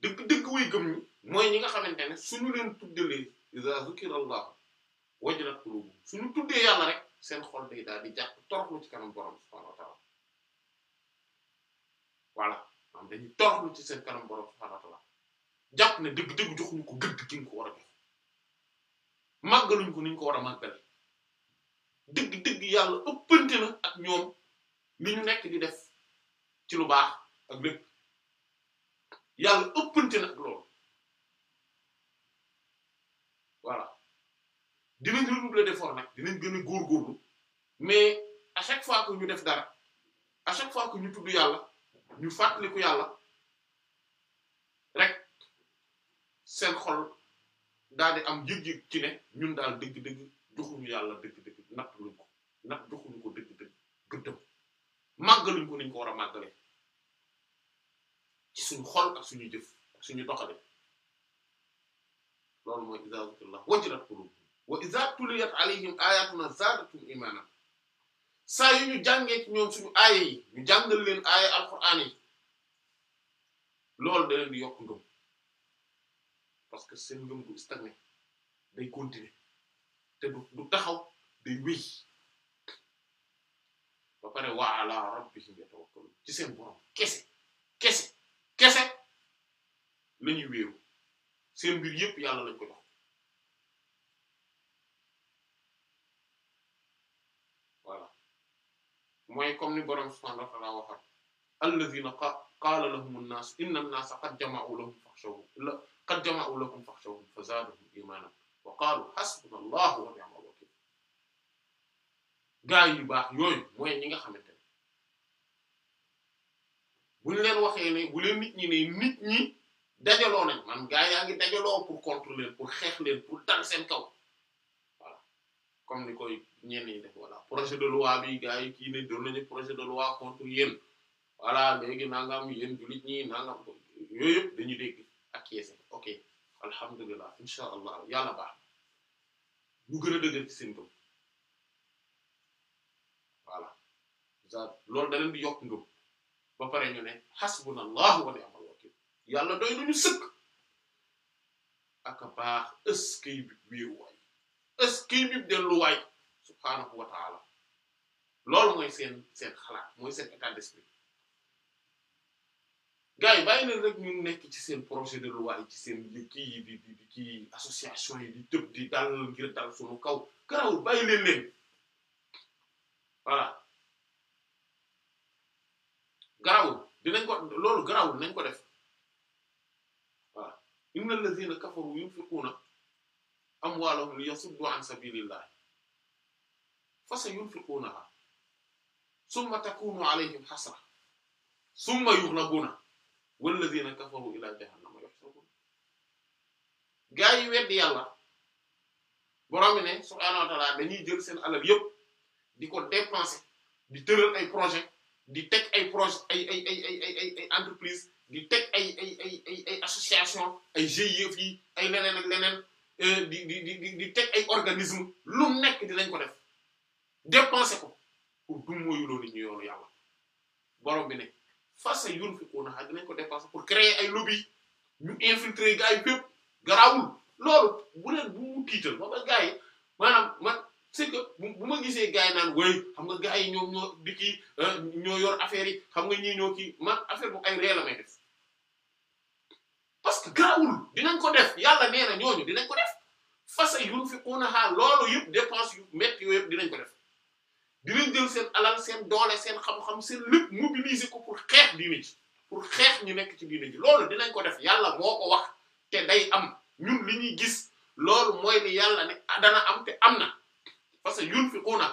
dëgg dëgg way gëm ñi mooy ñi nga xamante ne suñu leen tuddalee izaa zukira allahu wajilat quluubuhum suñu tuddee yàlla rek seen xol day daal di jàpp toroxlu ci kanam borom subhaanahu wa ta'aala voilà am dañuy toroxlu ci seen kanam borom subhaanahu wa jàpp na dëgg-dëgg joxuñu ko gëdd gi ñu ko war a jox màggaluñ ko ni ñu ko war a màggal dëgg-dëgg yàlla ëppante na ak ñoom li ñu nekk di def ci lu baax ak lépp yàlla ëppante na ak loolu voilà dinañ redoubler d'effort nag dinañ gën a góorgóorlu mais à chaque fois que ñu def dara a chaque fois que ñu tudd yàlla ñu fàttaliku yàlla seen xol daal am yëg-yëg ci ne ñun daal dëgg-dëgg joxuñu yàlla dëgg-dëgg natt luñ ko natt joxuñu ko dëgg-dëgg gëddëm màggaluñ ko niñ ko war a màggale ci suñ xol ak suñu jëf ak suñu doxale loolu mooy iza zukirallah wajilat qulubuhum wa iza tuliyat alayhim ayatuna zaadatum imana saa yu ñu jàngee ñoom suñu aaya ñu jàngal leen aaya alquran yi loolu da leen di yokk ngëm parce que seen ngëm du stagné day continuer te du du taxaw day wéy ba pare wa ala rabbihim yatawakkalun ci seen borom kese kese kese la ñuy wéeru seen mbir yépp yàlla lañ ko jox voilà mooy comme ni borom subhanahu wa ta'ala waxat alladhina qaala lahum an-nas inna an-nasa qad jama'u lahum fakhshawhum qad jama'u lakum fakhshawhum fazadahum imanan wa qalu hasbuna allahu wa ni'mal wakil gaa yu baax yooyu mooy nga xamante ne buñ leen waxee ne bu leen nit ñi ne nit ñi dajaloo man gaa yaa ngi dajaloo pour contre leen pour xeex leen pour dal seen kaw voilà comme ni koy ñenn ñi def voilà projet de loi bi gaa yi kii ne projet de loi contre yéen voilà léegi nangam yéen jullit ñi nangam yooyu yëpp dañuy dégg ak yeese ok alhamdulilah incha allah yàlla baax lu gën a dëgër ci seen gëm voilà loolu da leen yokk ngëm ba pare ñu ne hasbunallahu wa ni'mal wakil yàlla doy nañu sëkk ak a baax ëskay bi wéeruwaay ëskay bi delluwaay subhaanahu wa taala mooy seen seen xalaat mooy seen état d'esprit gars yi bàyyi leen rek ñu nekk ci seen projet de loi yi ci seen di kii di di kii association yi di tëb di dal ngir dal suñu kaw garawul bàyyi leen leen voilà garawul dinañ ko loolu garawul nañ ko def voilà inna allazina kafaru yunfiquna amwaalahum liyasuddu an sabilillahi fasayunfiqunaha summa takunu alayhim hasra summa yughlabuna wallazina kafaru ila jahannama yahsharun gaa yi weddi yàlla borom ne subhaanahu wa ta'ala dañuy jël seen alal yëpp di ko dépenser di tëral ay projet di teg ay projet ay ay ay ay ay entreprise di teg ay ay ay ay ay association ay GIE yi ay leneen leneen euh, di di di di teg ay organisme lu nekk dinañ ko def dépenser ko pour du mooyu loolu ñu yoonu yàlla borom bi ne fasa yunfiqunaha dinañ ko def dépenser pour créer ay lobby ñu infiltrer gars yi fépp lool loolu bu leen bu mu tiital ba gars yi maanaam man c'est que bu ma gisee gars yi naan wéy xam nga gars yi ñoom ñoo di euh, ñoo yor affaire yi xam nga ñii ñoo ki man affaire bu ay ree la may def parce que garaawul dinañ ko def yàlla nee na ñooñu dinañ ko def fasa yunfiqunaha loolu yëpp dépense yu métti yooyu yëpp dinañ ko def dinañ jël seen alal seen doole seen xam-xam seen lépp mobiliser ko pour xeex diine ji pour xeex ñu nekk ci diine ji loolu dinañ ko def yàlla moo ko wax te day am ñun li ñuy gis loolu mooy ni yàlla ne dana am te am na parce que yunfiquna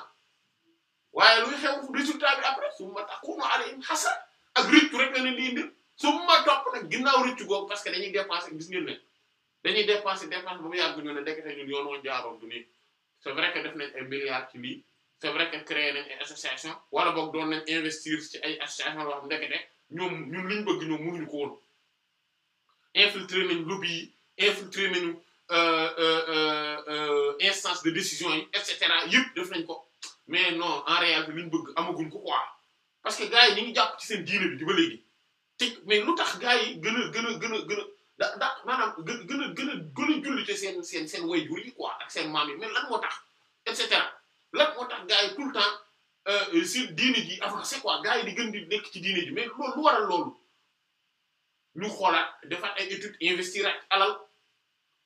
waaye luy xew résultat bi après summa takunu alayhim hasara ak rëccu rek la leen di indi summa topp nag ginnaaw rëccu googu parce que dañuy dépenser gis ngeen ne dañuy dépenser dépenser ba mu yàgg ñu ne ndekete ñun yoon woon jaaroon du nii c'est que def nañ ay milliards ci c'est vrai créé nañ ay association wala boog doon nañ investir ci ay association yoo xam ndekete ñoom ñun liñ bëgg ñoom mënuñu ko woon infiltré nañ lobby yi infiltré nañu euh, euh, euh, instance de décision yi et yëpp def nañ ko mais non en réalité liñ bëgg amaguñ ko quoi parce que gars yi ñu ngi jàpp ci seen diine bi di ba léegi te mais lu tax gars yi gën a gën a gën a gën a da da maanaam gën a gën a gën a julli te seen seen seen way jur yi quoi ak seen maam yi mais lan moo tax et cetera lan moo tax gars yi tout le temps euh, euh, si diine ji avancé quoi gars di gën di nekk ci diine ji mais loolu lu waral loolu ñu xoolaat defaat ay études investir ak alal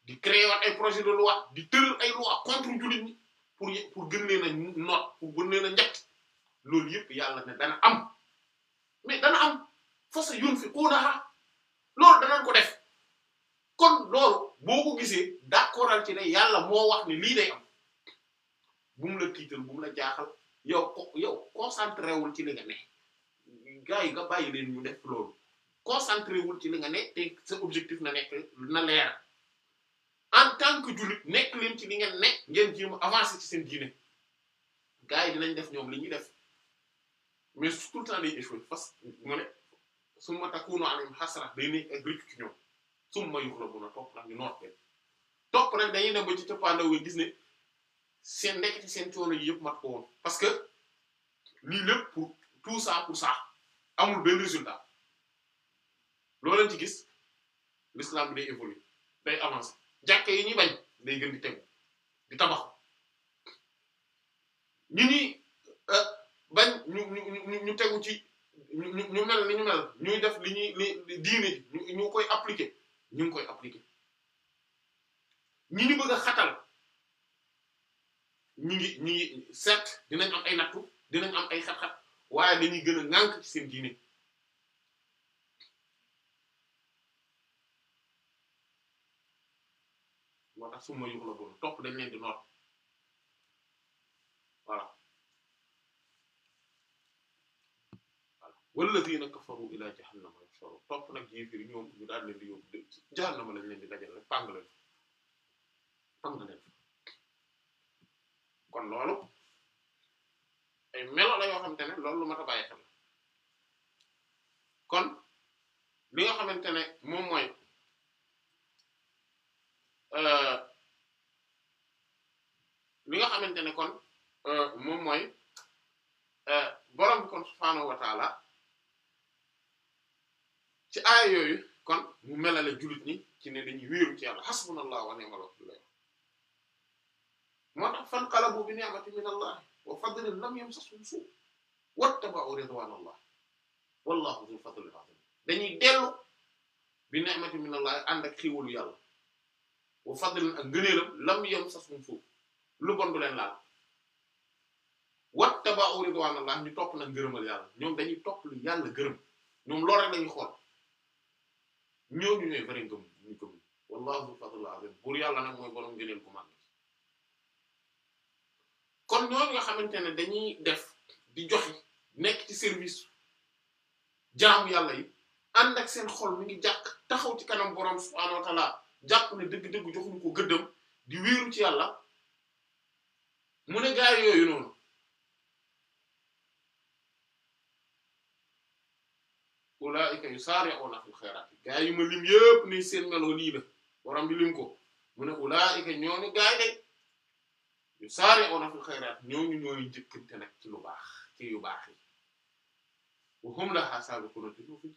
di créer waat ay projet de loi di tëral ay loi contre jullit ñi pour pour gën leen a noot pour gën leen a loolu yëpp yàlla ne dana am mais dana am fa sa yunfiquunaha loolu danañ ko def kon loolu boo ko gisee d'accordal ci ne yàlla moo wax ne lii day am bu mu la tiital bu mu la jaaxal yow yow concentré wul ci li nga ne gars yi nga bàyyi leen ñu def loolu concentré wul ci li nga ne te sa objectif na nekk na leer en tant que jullit nekk leen ci li ngeen ne ngeen jéem a avancer ci seen diine gars yi dinañ def ñoom li ñuy def mais tout le temps day échoué parce que mu ne summa takunu alayhim hasra day ne ak rëcc ci ñoom summa yuxlabuna topp nag ñu noot leen topp nag dañuy dem ba ci cëppaandaw nga gis ne seen ndekete seen coono yi yëpp mat ko parce que lii lépp pour tout sax pour ça amul benn résultat loolu leen ci gis l'islam bi day évoluer day avancer jàkke yi ñuy bañ day gën di tegu di tabax ñu ñuy euh, bañ ñu ñu ñu tegu ci ñu ñu mel ni ñu mel ñuy def li ñuy li diine ñu koy appliquer ñu ngi koy appliquer ñi ñu bëgg xatal. ñi ngi ñi ngi dinañ am ay nattu dinañ am ay xat-xat waaye dañuy gën a ŋànk ci seen diine moo tax suma yuux la boon topp dañ leen di noot voilà walladina kafaru ila jahannama yahsharu topp nag yéefir ñoom ñu daal leen di yóbbu jahannama lañ leen di dajal rek pàng leen pàng leen kon loolu ay melo la yoo xamante ne loolu lu mat a xel kon li nga xamante ne moom mooy euh, li nga xamante ne kon euh, moom mooy euh, borom bi kon subhaanahu wa ci aaya yooyu kon mu melale jullit ñi ci ne dañuy wéeru ci yàlla hasbunallahu wa ni'mal wakeel moo tax fanqalabu bi ni'matin min allah wa fadlin lam yamsashum suu' wattaba'u ridwan allah wallahu dhul dañuy dellu bi ni'matin min allah ànd ak xiiwalu yàlla ak ngëneelam lam yamsashum suu' lu bon du leen laal wattaba'u ridwan allah ñu topp nag ngërëmal yàlla ñoom dañuy topp lu yàlla gërëm ñoom lool rek lañuy xool ñooñu ñooy vrai ngëm ñu gëm wallahu dhul fadlil azim buur yàlla nag mooy borom ngëneel bu mag kon ñooñu nga xamante ne dañuy def di joxe nekk ci service jaamu yàlla yi ànd ak seen xol mu ngi jàkk taxaw ci kanam borom subhaanahu wa ta'ala jàpp ne dëgg-dëgg joxuñu ko gëddam di wiiru ci yàlla mu ne gaay yooyu noonu ulaa'ika yusaari'uuna fil xayraat gaay yu ma lim yëpp ni seen meloo lii la borom bi ko mu ne ulaa'ika ñooñu gaay de yu saari'una fil xayraat ñooñu ñooy njëkkante nag ci lu baax ci yu baax yi wa hum lahaa saabiquuna te ñoo fa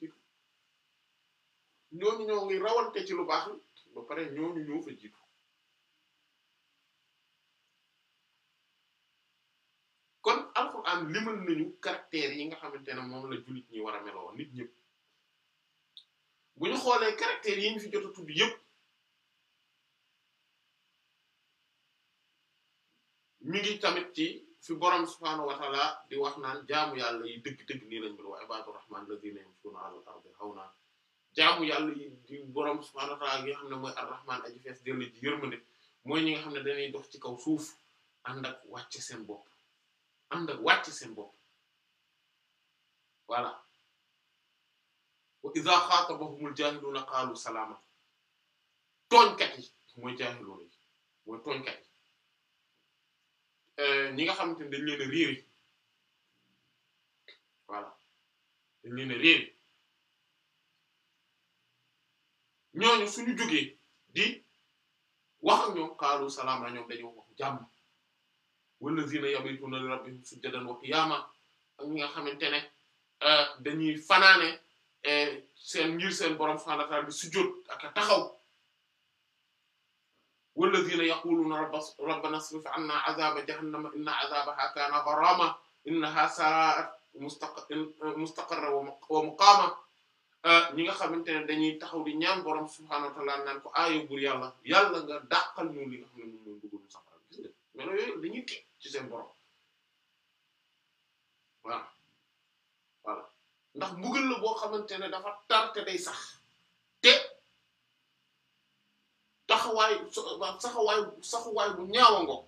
ñoo ngi rawante ci lu baax ba pare ñooñu ñoo fa jiitu kon alxuraan limal nañu caractères yi nga xamante ne moom la jullit ñi war a meloo nit ñëpp bu ñu xoolee caractères yi ñu fi jot a tudd yëpp. mi ngi tamit ci fi borom subhaanahu wa di wax naan jaamu yàlla yi dëgg-dëgg nii lañ doon wa ibaadu rahmaan lazina yamshuuna alal ardi hawna jaamu yàlla yi borom subhaanahu wa taala xam ne mooy ar-rahmaan aji fees dellu ji yërmande mooy ñi nga xam ne dañuy dox ci kaw suuf ànd ak wàcc seen bopp ànd ak wàcc seen bopp voilà wa idaa xaatabahumul jaahiluuna qaalu salaama tooñkat yi mooy jaahiluuna yi mooy tooñkat yi Euh, ñi nga xamante ni dañ leen a réeri voilà dañ suñu jógee di wax ak ñoom salaam la ñoom dañoo wax jàmm wallazina yabituna li rabbihim sujjadan wa qiyama ak ñi nga xamante ne euh, dañuy fanaane euh, seen ngir seen borom subhaanahu wa ta'aala bi taxaw walladhina yaquluna rabbana asrif anna azaba jahannama inna azabaha kana gharama innaha sa'at mustaqarra wa muqama ñi nga xamante ne dañuy taxaw di ñaan borom subhaanahu wa ta'ala naan ko aayo ah, bur yàlla yàlla nga dàqal ñu li nga xam ne moom mooy bëggoon safara gis nga mais loolu yooyu dañuy tiit ci seen borom voilà voilà ndax mbugal la boo xamante ne dafa tar te day sax te. taxawaay saxawaay bu ñaawango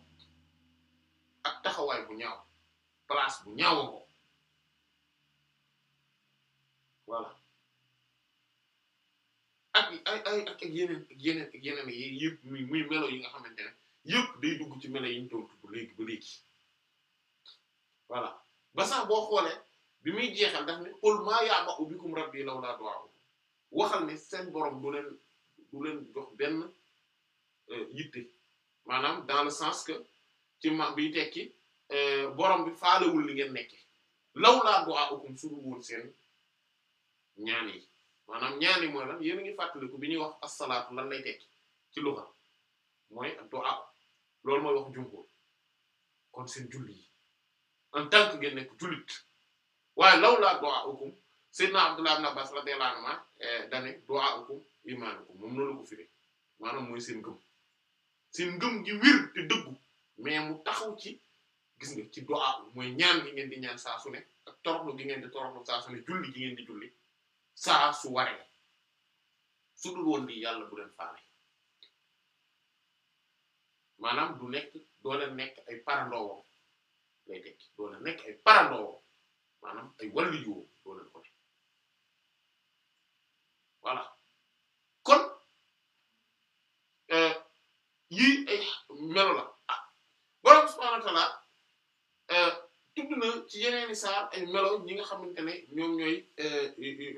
ak taxawaay bu ñaaw place bu ñaawango voilà ak ay ay ak yeneen yeneen ak yëpp muy melo yi nga xamante ne yëpp day dugg ci melo yi ñu doon tudd léegi ba léegi voilà ba sax boo xoolee bi muy jeexal daf ne qul maa ya'ba'u bikum rabbi lawlaa du'aa waxal ne seen borom du leen du leen jox benn Euh, yitte maanaam dans le sens que ci ma biy tekki euh, borom bi faalewul li ngeen nekke law laa du'aa'ukum su dul woon seen ñaan yi maanaam ñaan mooy lan yéen ngi fàttaliku bi ñuy wax as-salaatu lan lay tekki ci luxa mooy du'a loolu mooy wax jumhur kon seen julli yi en tant que nekk jullit waaye law laa du'aa'ukum Seydina Abdullah ibn Abbas radiyallahu anhu euh, dane du'aa'ukum imaanukum moom noonu ko firi maanaam mooy seen gëm seen ngëm gi wir te dëggu mais mu taxaw ci gis nga ci doa mooy ñaan gi ngeen di ñaan saa su ne ak toroxlu gi ngeen di toroxlu saa su ne julli gi ngeen di julli saa su waree su dul woon yàlla bu leen faale maanaam du nekk doo leen nekk ay parandoowo lay tekk doo ay parandoowo maanaam ay wàllu jiwoo doo leen ko voilà yii ay melo la ah borom subhaanahu eh, tudd na ci yeneeni saar ay melo ñi nga xamante ne ñoom ñooy eh,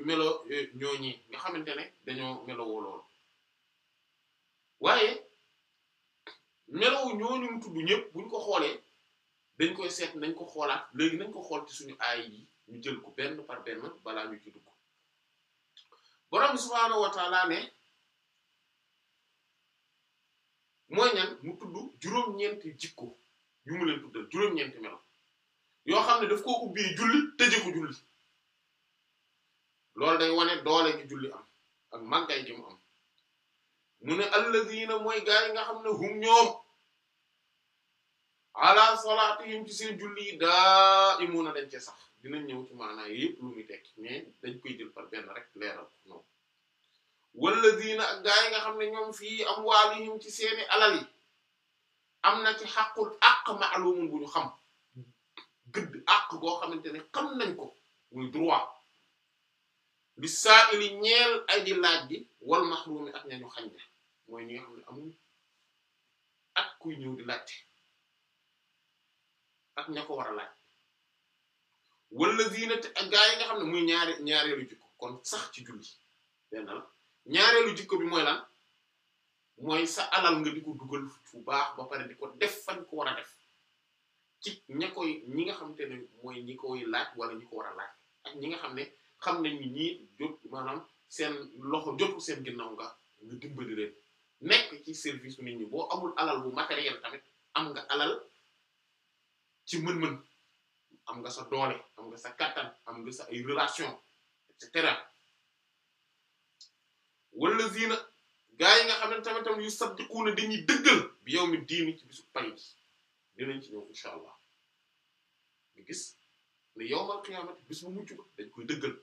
melo eh, ñooñi nga xamante ne dañoo melo woo loolu waaye melow ñooñu tudd ñëpp buñ ko xoolee dañ koy seet nañ ko xoolaat léegi nañ ko xool ci suñu aay yi ñu jël ko benn par benn balaa ñu ci dugg borom subhaanahu ne. mooy ñan mu tudd juróom-ñeenti jikko yu leen tuddal juróom-ñeenti melo yoo xam ne daf ko ubbi julli te ko julli loolu day wane doole gi julli am ak màggay gi mu am mu ne alladina mooy gaa nga xam ne hum ñoom ala salaatihim ci seen julli yi daa imuuna dañ cee sax dinañ ñëw ci maanaam yëpp lu muy tekki mais dañ koy jël par benn rek leeral noonu walladina ak gaa yi nga xam ne ñoom fii amwaalihim ci seeni alal yi am na ci xàqul àq ma'lumun bu ñu xam gëdd àq goo xamante ne xam nañ ko muy droit bi saa'ili ñeel ay di laaj gi wal mahrumi ak ñañu xañ ne mooy ñi nga xam ne amuñ ak kuy ñëw di laajte ak ña ko war a laaj walladina te ak gaa yi nga xam ne muy ñaari ñaareelu jikko kon sax ci julli benn la ñaareelu jikko bi mooy lan mooy sa alal nga di ko dugal fu baax ba pare di ko def fan ko war a def ci ña koy ñi nga xam te ne mooy ñi koy laaj wala ñi ko war a laaj ak ñi nga xam ne xam nañ ñi ñii jot maanaam seen loxo jotul seen ginnaw nga nga dimbali leen nekk ci service nit ñi boo amul alal bu matériel tamit am nga alal ci mën-mën am nga sa doole am nga sa kattan am nga sa ay relation et cetera wala ziina gaa yi nga xam ne tamit tamit yu saddiquuna dañuy dëggal bi yow mi diini ci bisu pay gi dinañ ci ñëw incha allah nga gis ne yawmal qiyaamati bis bu mucc ba dañ koy dëggal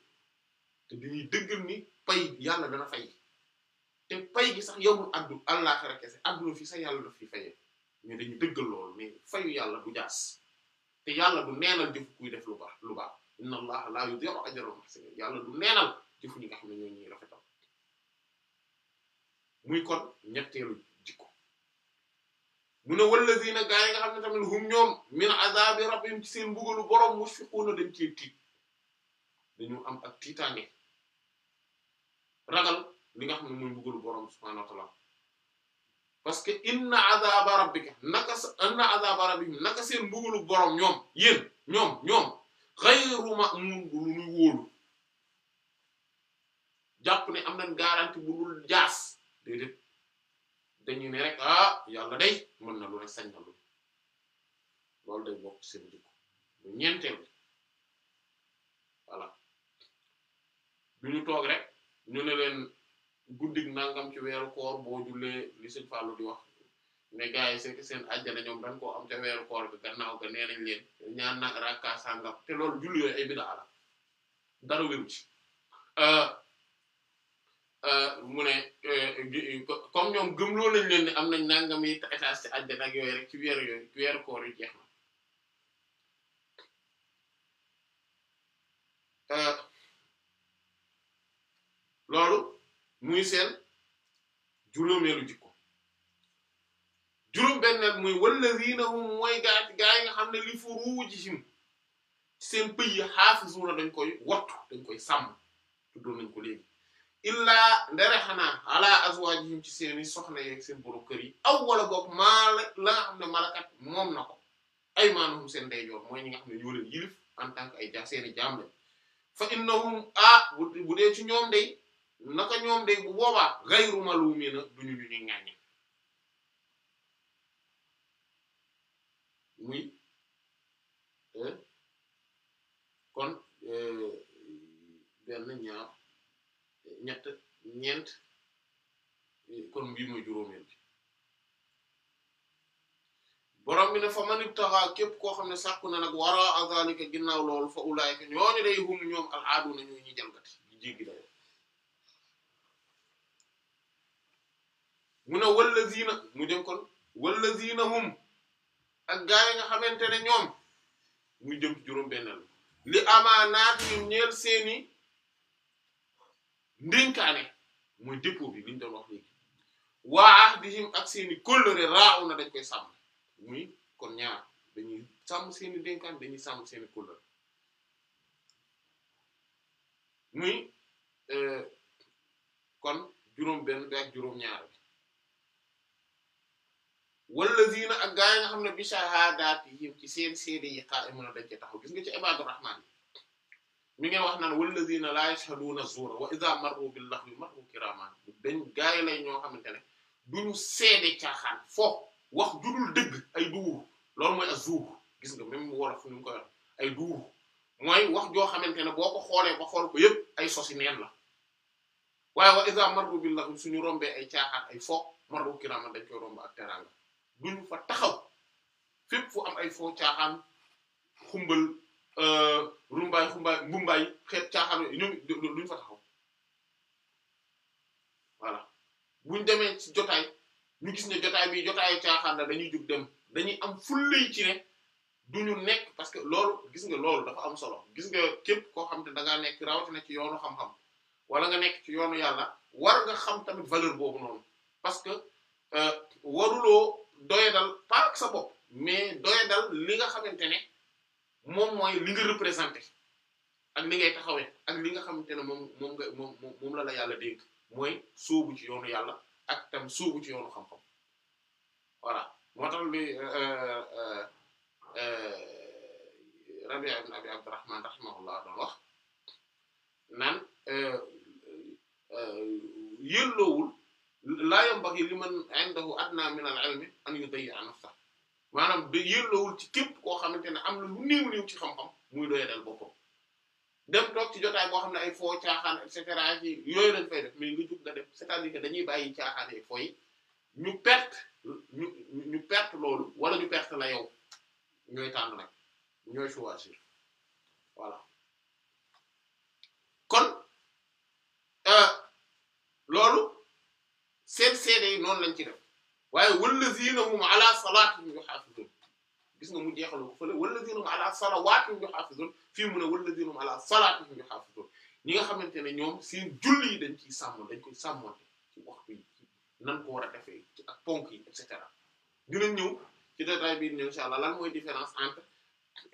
te dañuy dëggal ni pay yàlla dana fay te pay gi sax yowmul addu àllaaxira kese adduna fi sax yàlla daf fi fayee mais dañuy dëggal loolu mais fayu yàlla du jaas te yàlla du neenal jëf kuy def lu baax lu baax inna allaha la nga xam ne ñuy rafetal muy kon ñetteelu jikko mu ne wallazina gaa yi nga xam ne tamit hum ñoom min azabi rabbihim ci seen mbugalu boroom mushfiquna dañ cee tiit dañu am ak tiitaange ragal li nga xam ne muy mbugalu boroom subhanahu parce que inna azaba rabbika naka sa naka seen mbugalu boroom ñoom yéen ñoom ñoom xayru ma'mun lu ñuy jàpp ne am nañ garantie bu dul jaas déedéet dañuy ne rek ah yàlla day mën na lu ne sañ na lu loolu day bokk seen jikko bu ñeenteel bi du ñu toog rek ñu ne leen guddig nangam ci weeru koor boo jullee li seen fàllu di wax ne gars yi c'est que seen àjjana ñoom dañ ko am ca weeru koor bi gannaaw ga nee leen ñaan nag rakka sàngam te loolu julli ay bid'a la dara wéru ci euh, Euh, mu ne euh, euh, comme ñoom gëmloo nañ leen ne am nañ nangam yi étage ci àjjana ak yooyu rek ci weeru yooyu ci weeru koor yu jeex na loolu muy seen juróomeelu jikko juróom benneel muy wallaziina hum mooy gaa gaa yi nga xam ne li furuujihim seen pëy yi xaafisuuna dañ koy wattu dañ koy sàmm tuddoon nañ ko léegi illaa ndere xanaa ala azwaajihim ci seeni soxla yeeg seen borom kër yi aw wala boog maala la nga xam ne malakat moom na ko ay maanahum seen ndeyjoor mooy ñi nga xam ne ñoo yilif en tant ay ja seeni jaam lañ fa innahum ah bu dee ci ñoom day naka ñoom booba bu boobaa ghayru malumina duñu ñu ñu ŋàññe muy eh, kon eh, benn ñaar ñett ñeent kon bii mooy juróomeel bi borom bi ne fa man ibtaxa képp koo xam ne sàkku na nag wara azalika ginnaaw lool fa ulaayika ñooñu day hum ñoom al aaduna ñooy ñi jalgati di jéggi dayo mu ne wallazina mu jëm kon hum ak gaa yi nga xamante ne ñoom muy jëm juróom benneel li amaanaat ñoom ñeel seeni ndénkaane mooy dépôt bi liñ doon wax léegi waa ahdihim ak seeni kóllëre raaw na dañ koy sàmm muy kon ñaar dañuy sam seeni dénkaan dañuy sàmm seeni kóllëre muy e, kon juróom benn bi juróom ñaar bi wallazina ak gaa yi nga xam ne bi shahadatihim ci seen seede yi qa'imuna dañ ci taxaw bis nga ci ibadur rahman yi mi ngay wax naan wallazina la yashhaduna zuura wa idha marru bil lahwi marru kiraman dañ gaa yi lay ñoo xamante ne duñu seede caaxaan foo wax judul dëgg ay duuru loolu mooy az-zuur gis nga même wolof ni koy ay duuru mooy wax joo xamante ne boo ko xoolee ba xool ko yépp ay sosi la waaye wa idha marru bil lahwi suñu rombee ay caaxaan ay foo marru kiraman dañ koy romb ak teraanga duñu fa taxaw fépp fu am ay foo caaxaan xumbal euh, rumbaay xumbaay mbumbaay xeet caaxaan ñoom duñ fa taxaw voilà buñ demee ci jotaay ñu gis ne jotaay bi jotaayu caaxaan la dañuy jóg dem dañuy am fullay ci ne duñu nekk parce que loolu gis nga loolu dafa am solo gis nga képp koo xam te da ngaa nekk rawatina ci yoonu xam-xam wala nga nekk ci yoonu yàlla war nga xam tamit valeur boobu noonu parce que euh, waruloo doye dal pas sa bopp mais doye li nga xamante ne moom mooy li nga représenté ak li ngay ak li nga xamante ne moom moom nga moom moom la la yàlla dénk mooy suubu ci yoonu yàlla ak tam suubu ci yoonu xam-xam voilà moo tax li euh, euh, euh, Rabi' ibn Abi Abdurrahman rahimahullah doon wax naan yëlloowul laa yambaghi liman 'indahu adna min al-'ilmi an yudayyi'a nafsahu maanaam da yellowul ci képp koo xamante ne am na lu néew néew ci xam-xam muy doyadal boppam dem toog ci jotaay boo xam ne ay foo caaxaan et yooyu lañ fay def mais nga jóg nga def c'est-à-dire que dañuy bàyyi caaxaan yi fooy ñu perte ñu ñu perte loolu wala ñu perte la yow ñooy tànn nag ñooy choisir voilà kon euh, loolu seen seede yi noonu lañ ci def waaye wallaziina hum alaa salaatihim yuhaafizuun gis nga mu jeexaloo ko fële wallaziina hum alaa salawaatihim yuhaafizuun fii mu ne wallaziina ñi nga xamante ne ñoom seen julli yi dañ ciy sàmm dañ koy sàmmonte ci nan ko war a defee ci ak ponk yi et cetera dinañ ñëw ci détail bi ñëw insha Allah lan mooy différence entre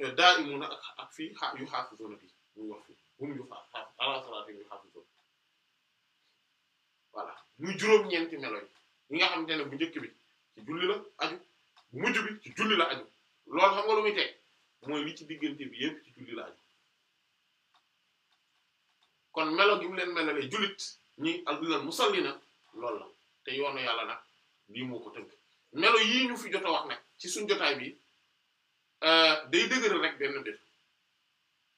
euh, daa'imuuna ak fii yuhaafizuuna bi muy wax fii hum yuhaafizuuna alaa salaatihim yuhaafizuun voilà muy juróom-ñeenti melo yi bi nga xamante ne bu njëkk bi ci julli la aju bu mujj bi ci julli la aju loolu xam nga lu mooy li ci diggante bi yëpp ci julli la aju kon melo gi mu leen melale jullit ñi mu alal na lool la te yoonu yàlla na lii moo ko tënk melo yii ñu fi jot wax nag ci suñ jotaay bi euh, day dëgëral rek benn mbir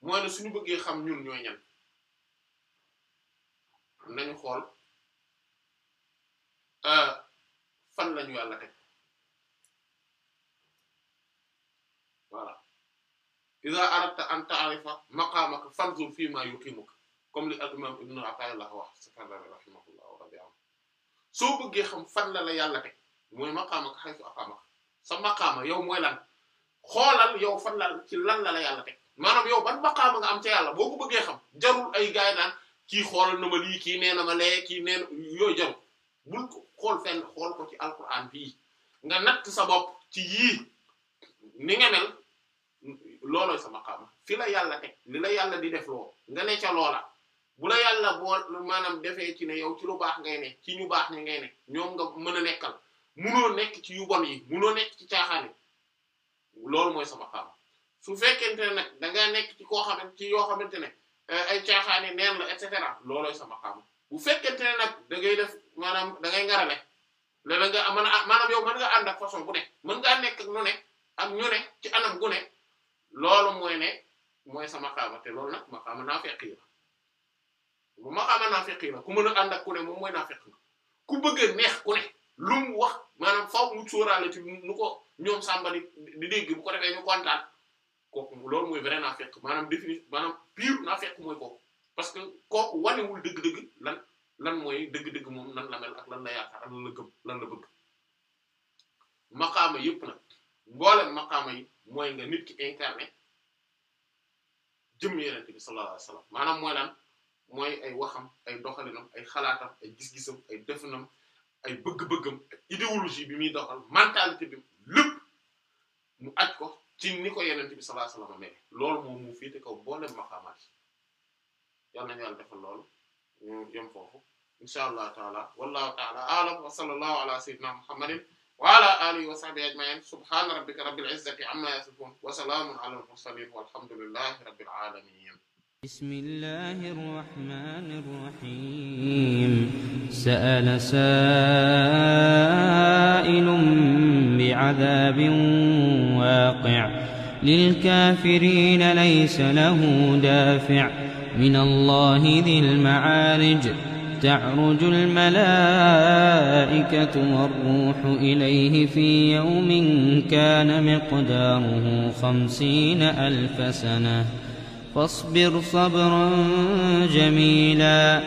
mooy ne suñu bëggee xam ñun ñooy ñan nañu xool Euh, fan lañu yàlla teg voilà iza aradta an ta'rifa maqamaka ma yuqimuka comme li al imam ibn soo bëggee xam fan la a yàlla teg mooy maqaamaka haythu aqaamaka sa maqaama yow mooy lan xoolal yow fan la ci lan la la yàlla teg maanaam yow ban maqaama nga am ca yàlla boo ko bëggee xam jarul ay gaay naan kii xoolal na ma lii kii nee ma lee kii nee yooyu jarul xool fenn xool ko ci alquran bii nga natt sa bopp ci yii ni nga mel loolooy sama xam fi la yàlla teg li la yàlla di def loo nga ne ca loola bu la yàlla maanaam defee ci ne yow lu baax ngay ne ci ñu baax ne ngay ne ñoom nga mën a nekkal munoo nekk ci yu yi munoo nekk ci caaxaan loolu mooy sama xam su fekkente ne nag da nga nekk ci koo xamante ci yoo xamante ne eh, ay caaxaan yi neen la et cetera loolooy sama xam bu fekkente nag da def. maanaam da ngay ngarale léeg nga a ah, yow mën nga ànd ak façon bu ne mën ngaa nekk ak nu ne ak ñu ne ci anam gu ne loolu mooy ne mooy sa maqaama te loolu nag maqaama naafiq la bu maqaama naafiq la ku mën a ànd ak ku ne moom mooy na la ku bëgg a neex ku ne lu mu wax maanaam faw mu sóoraale ci nu ko ñoom sàmba di dégg bu ko defee ñu kontaan kooku loolu mooy vrai naafiq maanaam défini maanaam pire naafiq mooy kooku parce que kooku wanewul dëgg-dëgg lan mooy dëgg-dëgg moom nan la mel ak lan la yaakaar la gëm lan la bëgg maqaama yëpp nag mboolem maqaama yi mooy nga nit ki incarné jëm yeneen bi sallallahu alayhi maanaam mooy lan mooy ay waxam ay doxalinam ay xalaatam ay gis-gisam ay definam ay bëgg-bëggam ak bi muy doxal mentalité bi lépp mu aj ko ci ni ko yeneen bi sallallahu alayhi wasallam mel loolu moom mu féete kaw mboolem maqaamaat yi yal nañu yàlla defal loolu. ñu yem foofu incha allah taala wallahu taala a'lam wa sallallahu ala sayyidina muhammadin wa ala alihi wa sahbihi ajma'in subhana rabbika rabbil izzati amma yasifun wa salamun ala al mursalin walhamdulillahi rabbil alamin بسم الله الرحمن الرحيم سأل سائل بعذاب واقع للكافرين ليس له دافع من الله ذي المعارج تعرج الملائكة والروح إليه في يوم كان مقداره خمسين ألف سنة فاصبر صبرا جميلا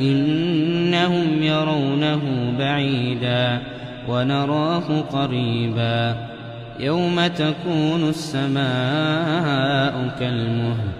إنهم يرونه بعيدا ونراه قريبا يوم تكون السماء كالمهل